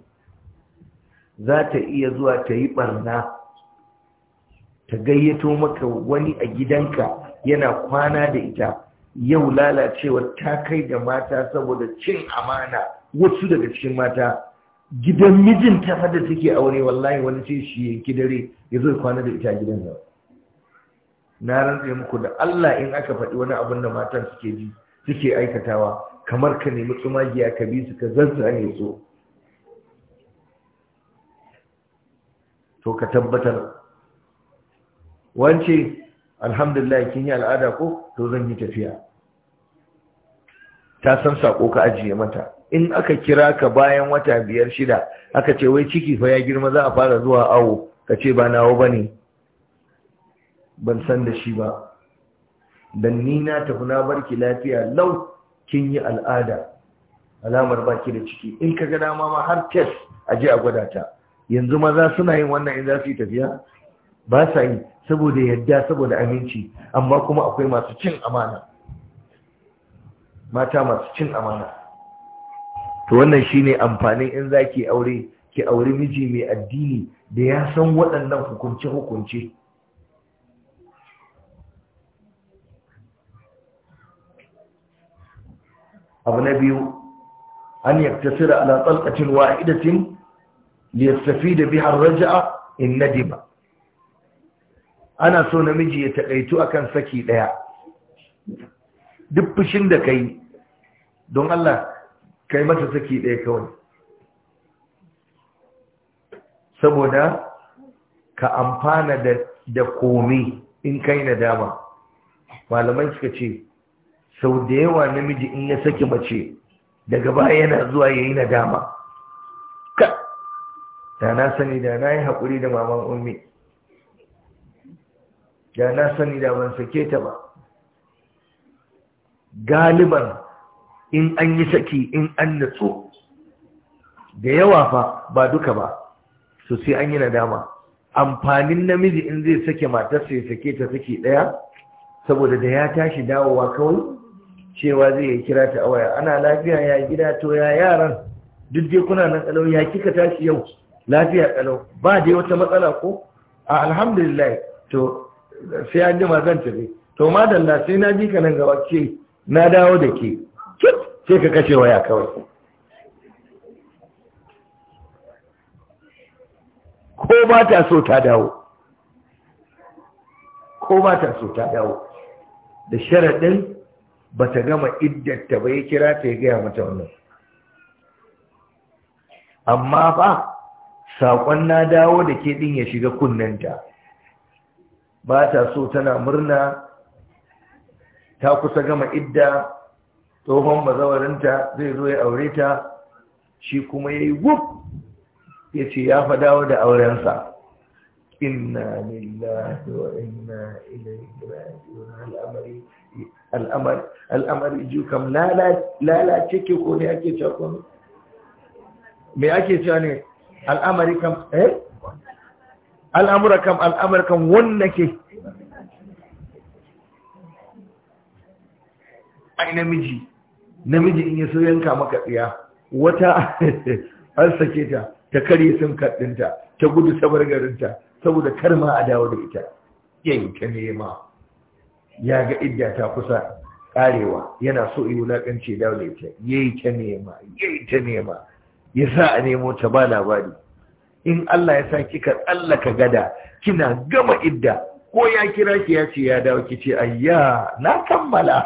Speaker 1: za ta iya zuwa ta yi ɓarna ta gayyato maka wani a gidanka yana kwana da ita yau lalacewar ta kai da mata saboda cin amana wasu daga cikin mata gidan mijin ta fada take aure wallahi wani ce shi yanki dare ya zo kwana da ita gidan nan na rantse muku da Allah in aka faɗi wani abin da matan suke ji suke aikatawa kamar ka nemi tsumagiya ka bi su ka zazzane so to ka tabbatar wance alhamdulillah kin yi al'ada ko to zan yi tafiya ta san sako ka ajiye mata in aka kira ka bayan wata biyar shida aka ce wai ciki fa ya girma za a fara zuwa awo ka ce ba nawo ba ne ban san da shi ba dan ni na tafi na barki lafiya lau kin yi al'ada alamar baki da ciki in ka ga dama ma har test a je a gwada ta yanzu maza suna yin wannan in za su yi tafiya ba sa yi saboda yadda saboda aminci amma kuma akwai masu cin amana mata masu cin amana to wannan shine amfanin in zaki aure ki aure miji mai addini da ya san waɗannan hukunce hukunce abu na biyu an tasiri ala tsalkacin wa'idatin liyastafi da bihar raja'a in nadima ana so namiji ya taƙaitu kan saki ɗaya duk fushin da ka yi, don Allah ka yi mata saki ɗaya kawai saboda ka amfana da komi in kai nadama malamai suka ce sau da yawa namiji in ya saki mace daga baya yana zuwa ya yi nadama ka da sani da na yi haƙuri da maman ummi da na sani da ban sake ta ba galiban in an yi saki in an natsu da yawa fa ba duka ba su sai an yi nadama amfanin namiji in zai sake matarsa ya sake ta sake ɗaya saboda da ya tashi dawowa kawai cewa zai yi kira ta awaya ana lafiya ya gida to ya yaran duk dai kuna nan kalau ya kika tashi yau lafiya kalau ba dai wata matsala ko a alhamdulillah to sai an jima zan tafi to na sai na ji ka nan gaba ce na dawo da ke sai ka kashe waya kawai ko ba ta so ta dawo ko ba ta so ta dawo da sharaɗin ba ta gama iddata ba ya kira ta ya gaya mata wannan amma ba saƙon na dawo da ke ɗin ya shiga kunnenta ba ta so tana murna ta kusa gama idda tsohon mazawarinta zai zo ya aure ta shi kuma ya yi wuf ya ce ya fadawa da aurensa inna lillahi wa inna ilaihi raji'un al'amari al'amari kam lalace ke ko ne ake cakon me ake cewa ne al'amari kam eh al'amura kam al'amura kam wanda ke ai namiji namiji in ya so yanka maka tsiya wata *laughs* an sake ta ta karye sun kaɗinta ta gudu sabar garinta saboda karma a dawo da ita ta nema ya ga idda ta kusa karewa yana so yi wulakanci dawo da ita yayin ta nema yayin ta nema ya sa a nemo ta ba labari in Allah ya sa kika tsallaka gada kina gama idda ko ya kira ki ya ce ya dawo ki ce ayya na kammala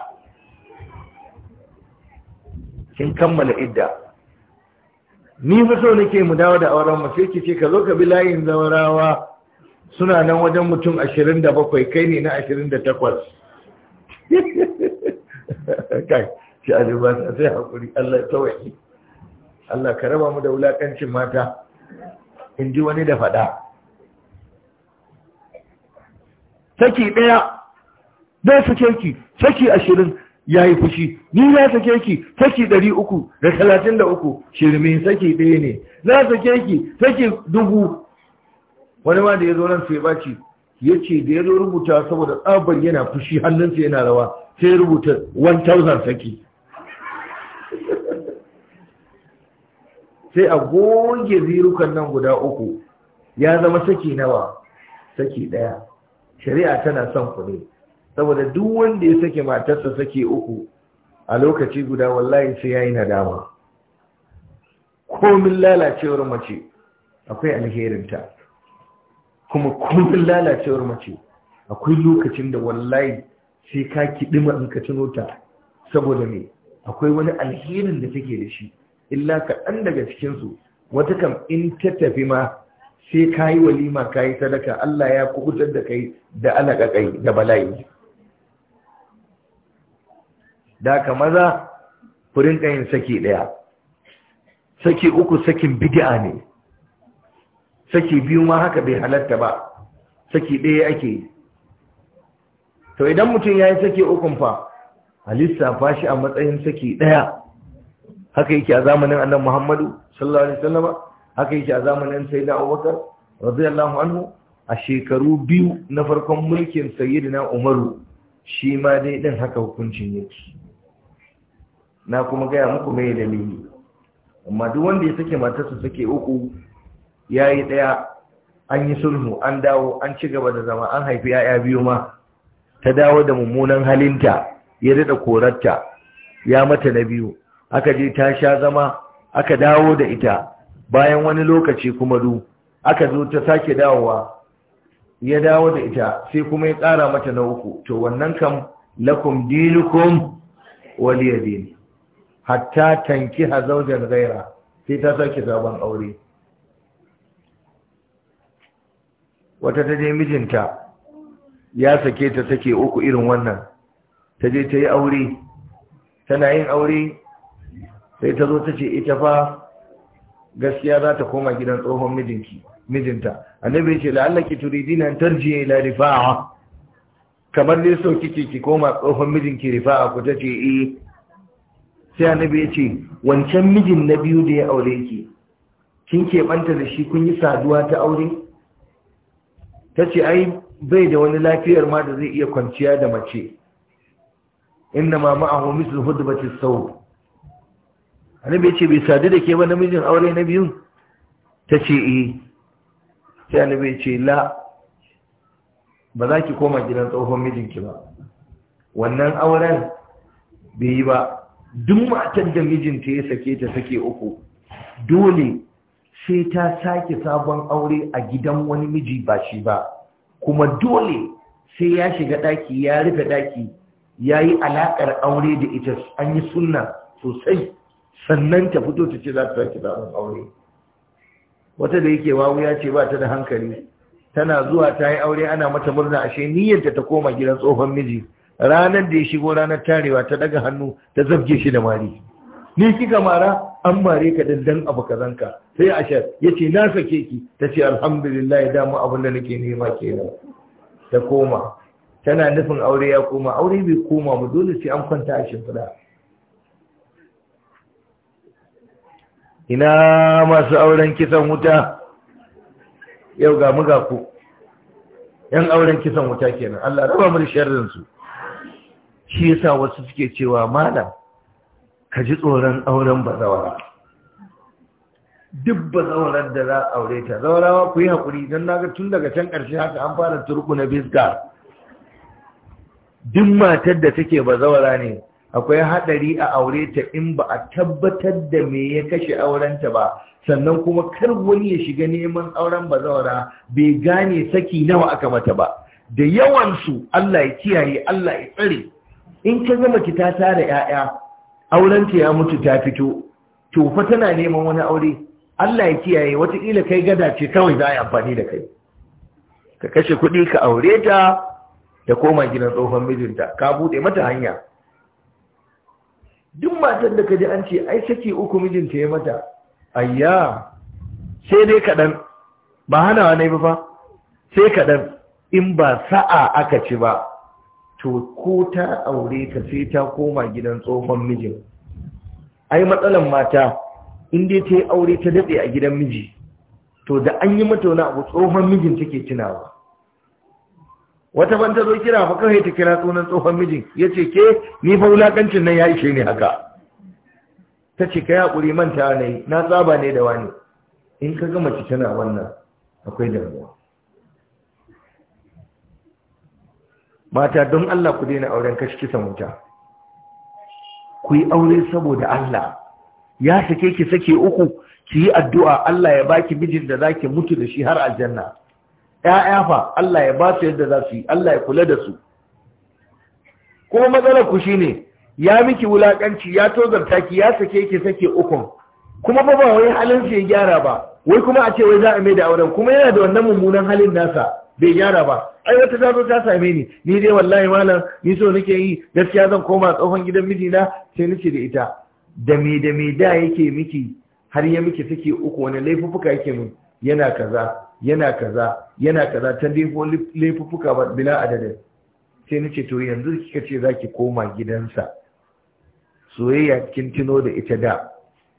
Speaker 1: kin kammala idda ni fa so nake mu dawo da auren mu sai ki ce ka zo ka bi layin zawarawa suna nan wajen mutum 27 kai ne na 28 *laughs* kai shi azuba sai hakuri Allah ya tawaye Allah ka raba mu da wulakancin mata in ji wani da faɗa saki ɗaya zai sake ki saki ashirin ya yi fushi ni na sake ki saki ɗari uku da talatin da uku shirme saki ɗaya ne na sake ki saki dubu wani ma da ya zo nan sai baci ya ce da ya zo rubuta saboda tsabar yana fushi hannunsa yana rawa sai rubuta 1000 saki sai a goge zirukan nan guda uku ya zama saki nawa saki ɗaya shari'a tana son ku ne saboda duk wanda ya sake matarsa saki uku a lokaci guda wallahi sai yayi nadama komin lalacewar mace akwai alherinta kuma komin lalacewar mace akwai lokacin da wallahi sai ka kiɗima in ka tuno saboda me akwai wani alherin da take da shi illa kaɗan daga cikinsu wata kam in ta tafi ma sai ka yi walima ka yi sadaka Allah ya kubutar da kai da alaƙa kai da bala'i da ka maza furin ƙayin saki ɗaya saki uku sakin bidi'a ne saki biyu ma haka bai halatta ba saki ɗaya ake yi to idan mutum ya yi saki ukun fa halitta fashi a matsayin saki ɗaya haka yake a zamanin annabi Muhammadu sallallahu alaihi wasallama haka yake a zamanin sayyidina Abubakar radiyallahu anhu a shekaru biyu na farkon mulkin sayyidina Umaru shi ma dai din haka hukuncin yake na kuma gaya muku mai dalili amma duk wanda ya sake matarsa sake uku yayi ɗaya, an yi sulhu an dawo an ci gaba da zama an haifi yaya biyu ma ta dawo da mummunan halinta ya rida korarta ya mata na biyu aka je ta sha zama aka dawo da ita bayan wani lokaci kuma du aka zo ta sake dawowa ya dawo da ita sai kuma ya ƙara mata na uku to wannan kam lakum dinukum waliyadin hatta tanki hazaujan gaira sai ta sake sabon aure wata ta je mijinta ya sake ta sake uku irin wannan ta je ta yi aure tana yin aure sai ta zo ta ce ita fa gaskiya za ta koma gidan tsohon mijinki mijinta annabi ya ce la'allaki turidina tarjiya ila rifa'a kamar dai so kike ki koma tsohon mijinki rifa'a ku tace eh sai annabi ya ce wancan mijin na biyu da ya aure ki kin keɓanta da shi kun yi saduwa ta aure ta ce ai bai da wani lafiyar ma da zai iya kwanciya da mace inna ma ma'ahu mislu hudbatis sau annabi ce bai sadu da ke ba namijin aure na biyun ta ce e. sai annabi ce la ba za ki koma gidan tsohon mijinki ba wannan auren bai yi ba duk matan da mijinta ya sake ta sake uku dole sai ta sake sabon aure a gidan wani miji ba shi ba kuma dole sai ya shiga daki ya rufe daki ya yi alaƙar aure da ita an yi sunna sosai sannan ta fito ta ce za ta sake zaɓen aure wata da yake wawu ya ce ba ta da hankali tana zuwa ta yi aure ana mata murna ashe niyyarta ta koma gidan tsohon miji ranar da ya shigo ranar tarewa ta daga hannu ta zabge shi da mari ni kika mara an mare ka dandan abu ka sai ashar ya ce na sake ki ta ce alhamdulillah ya damu abin da nake nema kenan ta koma tana nufin aure ya koma aure bai koma mu dole sai an kwanta a shimfiɗa ina masu auren kisan wuta yau ga muga ku yan auren kisan wuta kenan Allah raba mu da sharrin su shi yasa wasu suke cewa malam ka ji tsoron auren bazawara duk bazawarar da za a aure ta zaurawa ku yi haƙuri don naga tun daga can ƙarshe haka an fara turku na biska duk matar da take bazawara ne akwai haɗari a aure ta in ba a tabbatar da me ya kashe aurenta ba sannan kuma kar wani ya shiga neman auren bazawara bai gane saki nawa aka mata ba da yawan su Allah ya kiyaye Allah ya tsare in ka zama ki ta tara 'ya'ya aurenta ya mutu ta fito to fa tana neman wani aure Allah ya kiyaye wataƙila kai gada ce kawai za a yi amfani da kai ka kashe kuɗi ka aure ta da koma gidan tsohon mijinta ka buɗe mata hanya duk matar da ka ji an ce ai saki uku mijinta ya mata ayya sai dai kaɗan ba hanawa ne ba fa sai kaɗan in ba sa'a aka ci ba to ko ta aure ka sai ta koma gidan tsohon mijin ai matsalan mata in dai ta yi aure ta daɗe a gidan miji to da an yi mata wani abu tsohon mijin take tunawa wata banta zo kira fa kawai ta kira sunan tsohon mijin ya ce ke ni fa wulakancin nan ya ishe ni haka ta ce ka ya ƙuri manta ne na tsaba ne da wani in ka gama ci tana wannan akwai damuwa mata don Allah ku daina auren kashi kisan wuta ku yi aure saboda Allah ya sake ki sake uku ki yi addu'a Allah ya baki mijin da zaki mutu da shi har aljanna 'ya'ya fa Allah ya ba su yadda za su yi Allah ya kula da su kuma matsalar ku shi ne, ya miki wulakanci ya tozarta ki ya sake ki sake ukun kuma ba ba wai halin ya gyara ba wai kuma a ce wai za a mai da auren kuma yana da wannan mummunan halin nasa bai gyara ba ai wata ta zo ta same ni ni dai wallahi malam ni so nake yi gaskiya zan koma tsohon gidan mijina sai nace da ita da me da me da yake miki har ya miki take uku wani laifuffuka yake min yana kaza yana kaza yana kaza ta defo laifuffuka bila adadin sai nace to yanzu kika ce zaki koma gidansa soyayya kin tuno da ita da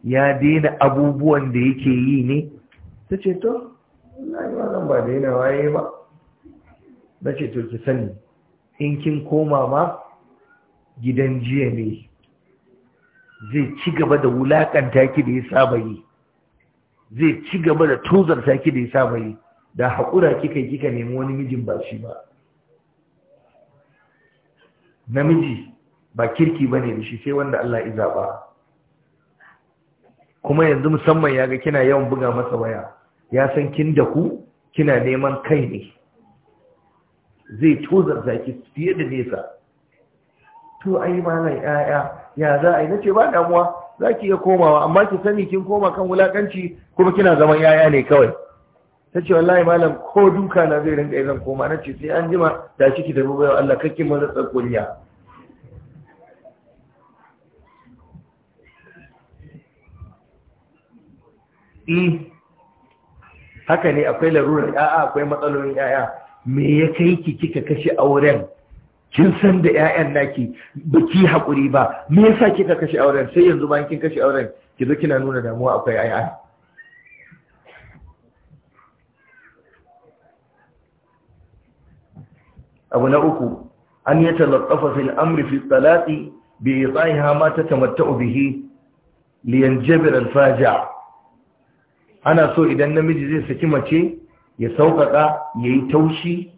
Speaker 1: ya daina abubuwan da yake yi ne ta ce to na yi wannan ba daina waye ba na ce to ki sani in kin koma ma gidan jiya ne zai ci gaba da wulaƙanta ki da ya saba yi zai ci gaba da tozarta ki da ya saba yi da haƙura kika kika nemi wani mijin ba shi ba namiji ba kirki ba ne da shi sai wanda Allah ya zaba kuma yanzu musamman ya ga kina yawan buga masa waya ya san kin da ku kina neman kai ne zai tozarta ki fiye da nesa to ai malam ya'ya ya za a yi na ba damuwa za ki iya komawa amma ki sani kin koma kan wulakanci kuma kina zaman yaya ne kawai ta ce wallahi malam ko duka na zai rinka zan koma na ce sai an jima da ciki ki tafi Allah kakki mana tsakuniya. E, haka ne akwai larurar 'ya'a, akwai matsalolin ya'ya me ya kai ki kika kashe auren kin san da ƴaƴan naki ba ki haƙuri ba me yasa kika kashe auren sai yanzu bayan kin kashe auren ki zo kina nuna damuwa akwai ai abu na uku an yi talaffa fil amri fi talati bi idaiha ma tamattu bihi li yanjabir al faja ana so idan namiji zai saki mace ya sauƙaƙa yayi taushi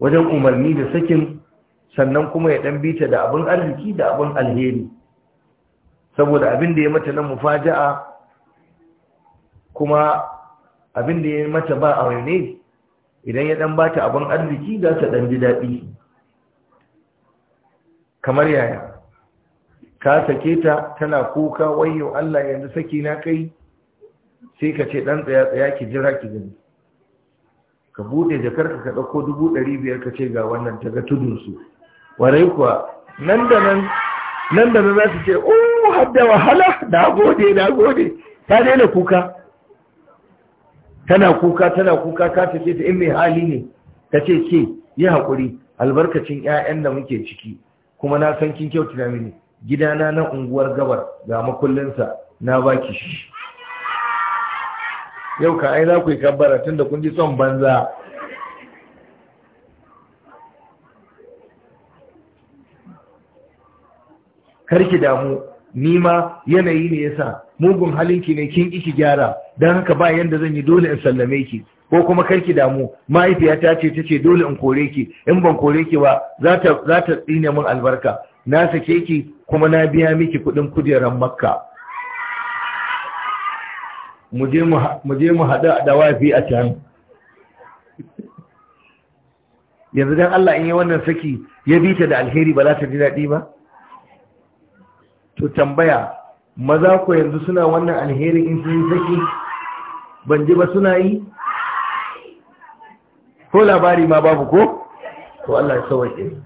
Speaker 1: wajen umarni da sakin sannan kuma ya dan bita da abin arziki da abin alheri saboda abin da ya mata nan mufaja'a kuma abin da ya mata ba a wane, idan ya dan bata abin arziki za ta dan ji daɗi kamar yaya ka sake ta tana kuka wayo Allah yanzu saki na kai sai ka ce dan tsaya tsaya ki jira ki gani ka bude jakar ka ɗari biyar ka ce ga wannan ta ga tudun su warai kuwa nan da nan za su ce oh hadda wahala na gode na gode ta daina kuka tana kuka tana kuka ka ce ta in mai hali ne ta ce ke yi haƙuri albarkacin 'ya'yan da muke ciki kuma na san kin kyautata mini gidana na unguwar gabar ga makullinsa na baki shi yau ka ai za ku yi kabbara tun da kun ji son banza karki damu ni ma yanayi ne yasa mugun halinki ne kin iki gyara don haka ba yanda zan yi dole in sallame ki ko kuma karki damu mahaifiyata ce ta ce dole in kore ki in ban kore ki ba za ta tsine min albarka na sake ki kuma na biya miki kuɗin kujerar makka mu je mu haɗa da wafi a can yanzu don Allah in yi wannan saki ya bi ta da alheri ba za ta ji daɗi ba to tambaya maza ko yanzu suna wannan alherin in sun saki ban ji ba suna yi ko labari ma babu ko to Allah ya sauke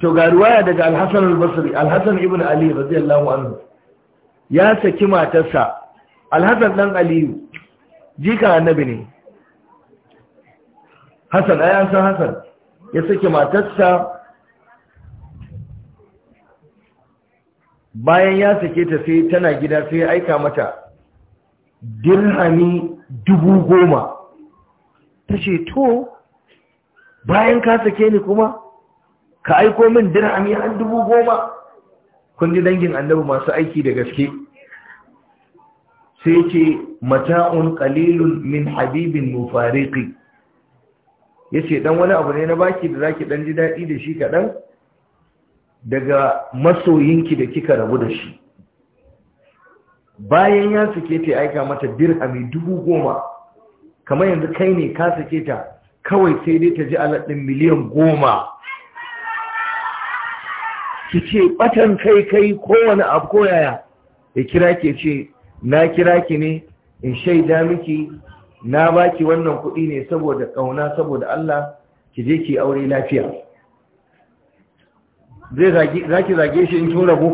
Speaker 1: to ga ruwaya daga Al-Hasan al-Basri Al-Hasan ibn Ali radiyallahu anhu ya saki matarsa Al-Hasan dan Aliyu jika annabi ne Hasan ayan san Hasan ya saki matarsa bayan ya sake ta sai tana gida sai ya aika mata dirhami dubu goma ta ce to bayan ka sake ni kuma ka aiko min dirhami har dubu goma kun ji dangin annabu masu aiki da gaske sai ce mata'un qalilun min habibin mufariqi yace dan wani abu ne na baki da zaki dan ji dadi da shi kaɗan? daga masoyinki da kika rabu da shi bayan ya sake ta aika mata dirhami dubu goma kamar yanzu kai ne ka sake ta kawai sai dai ta ji alaɗin miliyan goma ki ce batan kai kai kowane abu koyaya ya kira ke ce na kira ki ne in shaida miki na baki wannan kuɗi ne saboda ƙauna saboda Allah ki je ki aure lafiya zai ki zage shi in kin rabu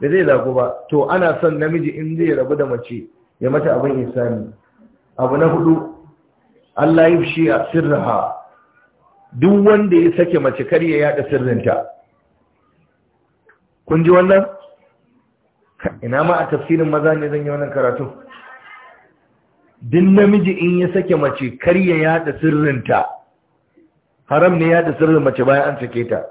Speaker 1: da zai zago ba to ana son namiji in zai rabu da mace ya mata abin isani abu na hudu Allah ya fushi a sirraha duk wanda ya sake mace kar ya yada sirrinta kun ji wannan ina ma a tafsirin maza ne zan yi wannan karatu din namiji in ya sake mace kar ya yada sirrinta haram ne ya yada sirrin mace bayan an sake ta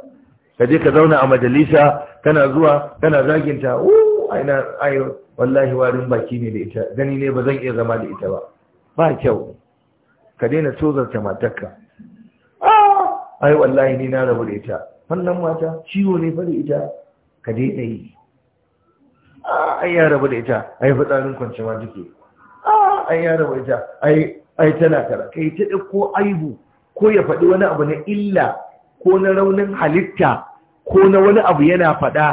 Speaker 1: ka je ka zauna a majalisa kana zuwa kana zaginta uh aina ai wallahi warin baki ne da ita gani ne ba zan iya zama da ita ba ba kyau ka daina tozarta matarka ah ai wallahi ni na rabu da ita wannan mata ciwo ne fa da ita ka daina yi ah ai ya rabu da ita ai fitsarin kwanci ma duke ah ai ya rabu da ita ai ai tana kara kai ta dauko aibu ko ya faɗi wani abu na illa ko na raunin halitta ko na wani abu yana faɗa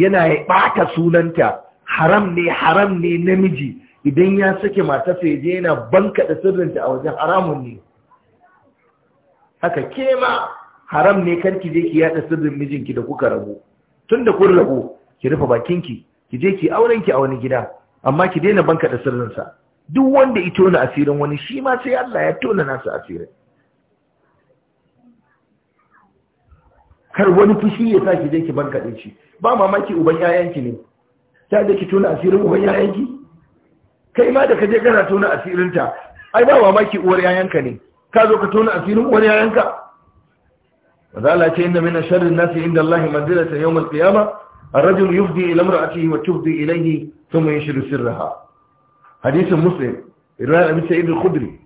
Speaker 1: yana ya ɓata sunanta haram ne haram ne namiji idan ya sake mata feje yana bankaɗa sirrinta a wajen haramun ne haka ma. haram ne ki je ki yada sirrin mijinki da kuka rabu tun da kun rabu ki rufe bakinki ki je ki aurenki a wani gida amma ki daina bankaɗa sirrinsa duk wanda ya tona asirin wani shi ma sai Allah ya tona nasa asirin kar wani fushi ya sa ki je ki bankaɗe shi ba mamaki uban yayanki ne ta da ki tona asirin uban yayanki kai ma da ka je kana tona asirinta ai ba mamaki uwar yayanka ne ka zo ka tona asirin uwar yayanka wazala ce inda mina sharrin nasi inda Allah manzilata yawmal qiyama ar-rajul yufdi ila imra'atihi wa tufdi ilayhi thumma yashru sirraha hadisin muslim riwayat abi sa'id al-khudri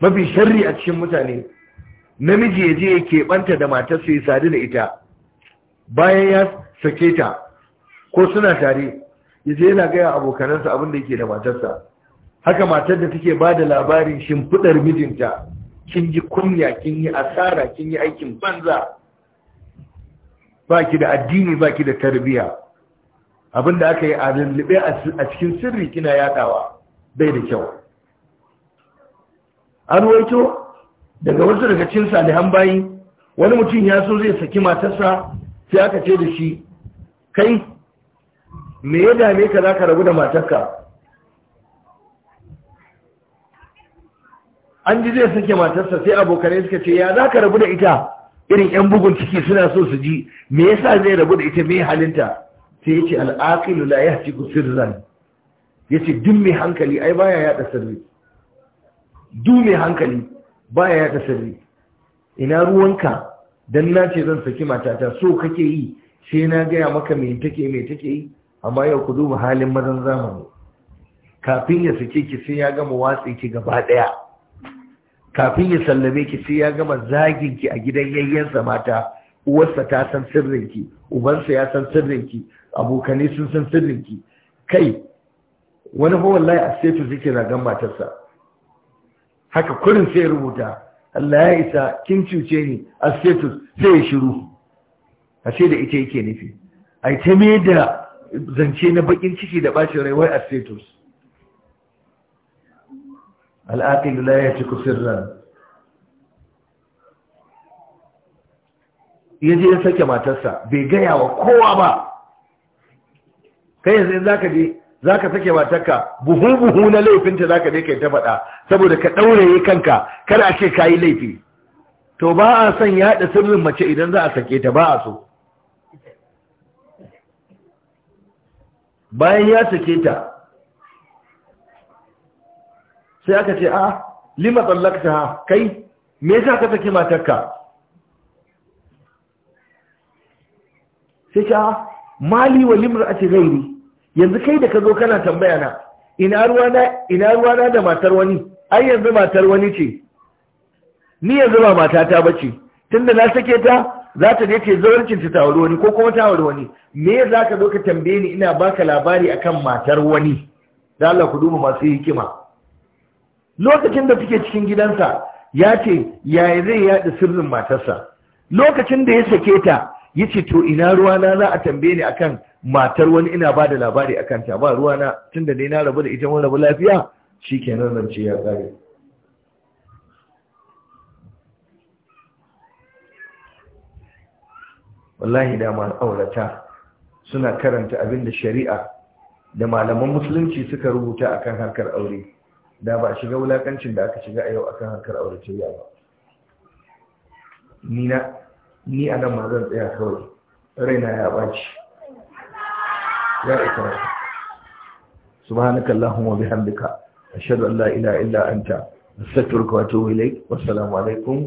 Speaker 1: mafi sharri a cikin mutane namiji ya je ya keɓanta da matarsa ya sadu da ita bayan ya sake ta ko suna tare ya je yana gaya abokanansa abin da yake da matarsa haka matar da take ba da labarin shimfiɗar mijinta kin ji kunya kin yi asara kin yi aikin banza ba ki da addini ba ki da tarbiya abin da aka yi a lullube a cikin sirri kina yaɗawa, bai da kyau an waito daga wasu daga cin salihan bayi wani mutum ya so zai saki matarsa sai aka ce da shi kai me ya dame ka za ka rabu da matarka an ji zai sake matarsa sai abokanai suka ce ya za ka rabu da ita irin 'yan bugun ciki suna so su ji me ya sa zai rabu da ita me halinta sai ya ce al'aƙilu la ya ci zan ya ce duk mai hankali ai baya yaɗa sirri du mai hankali Ba ya yaɗa sirri ina ruwanka dan na ce zan saki matata so kake yi sai na gaya maka mai take mai take yi amma yau ku duba halin mazan zamani kafin ya saki ki sai ya gama watsi ki gaba daya kafin ya sallame ki sai ya gama zagin ki a gidan yayyensa mata uwarsa ta san sirrin ki ubansa ya san sirrin ki abokanai sun san sirrin ki kai wani fa wallahi a sai to zikira gan matarsa haka kurin sai rubuta Allah ya isa kin cuce ni a status sai ya shiru a ce da ita yake nufi a ta me da zance na bakin ciki da bacin rai wai a status al'aqilu la ci yaje ya sake matarsa bai gaya wa kowa ba kai yanzu ka je za ka sake matarka buhu-buhu na laifinta za ka je kai ta faɗa saboda ka ɗauraye kanka kada a ce ka yi laifi to ba a son yaɗa sirrin mace idan za a sake ta ba a so bayan ya sake ta sai aka ce a lima tsallaka ha kai me yasa ka sake matarka sai ka mali wa limar a ce gairi yanzu kai da ka zo kana tambaya na ina ruwana da matar wani ai yanzu matar wani ce ni yanzu ba matata ba ce tunda na sake ta za ta je ce ta auri wani ko kuma ta wani me za ka zo ka tambaye ni ina baka labari akan matar wani da Allah ku duba masu hikima lokacin da take cikin gidansa ya ce yaya zai yaɗa sirrin matarsa lokacin da ya sake ta yace to ina ruwa na za a tambaye ni akan matar wani ina ba da labari akan ta ba ruwa na tunda dai na rabu da ita mun rabu lafiya shi nan ce ya tsare wallahi da aurata suna karanta abin da shari'a da malaman musulunci suka rubuta akan harkar aure da ba shiga wulakancin da aka shiga a yau akan harkar aure ce ba ni ni a nan ma zan tsaya kawai raina ya ɓaci ya ikara subhanaka allahumma bihamdika ashhadu an la ilaha illa anta astaghfiruka wa atubu ilaik wassalamu alaikum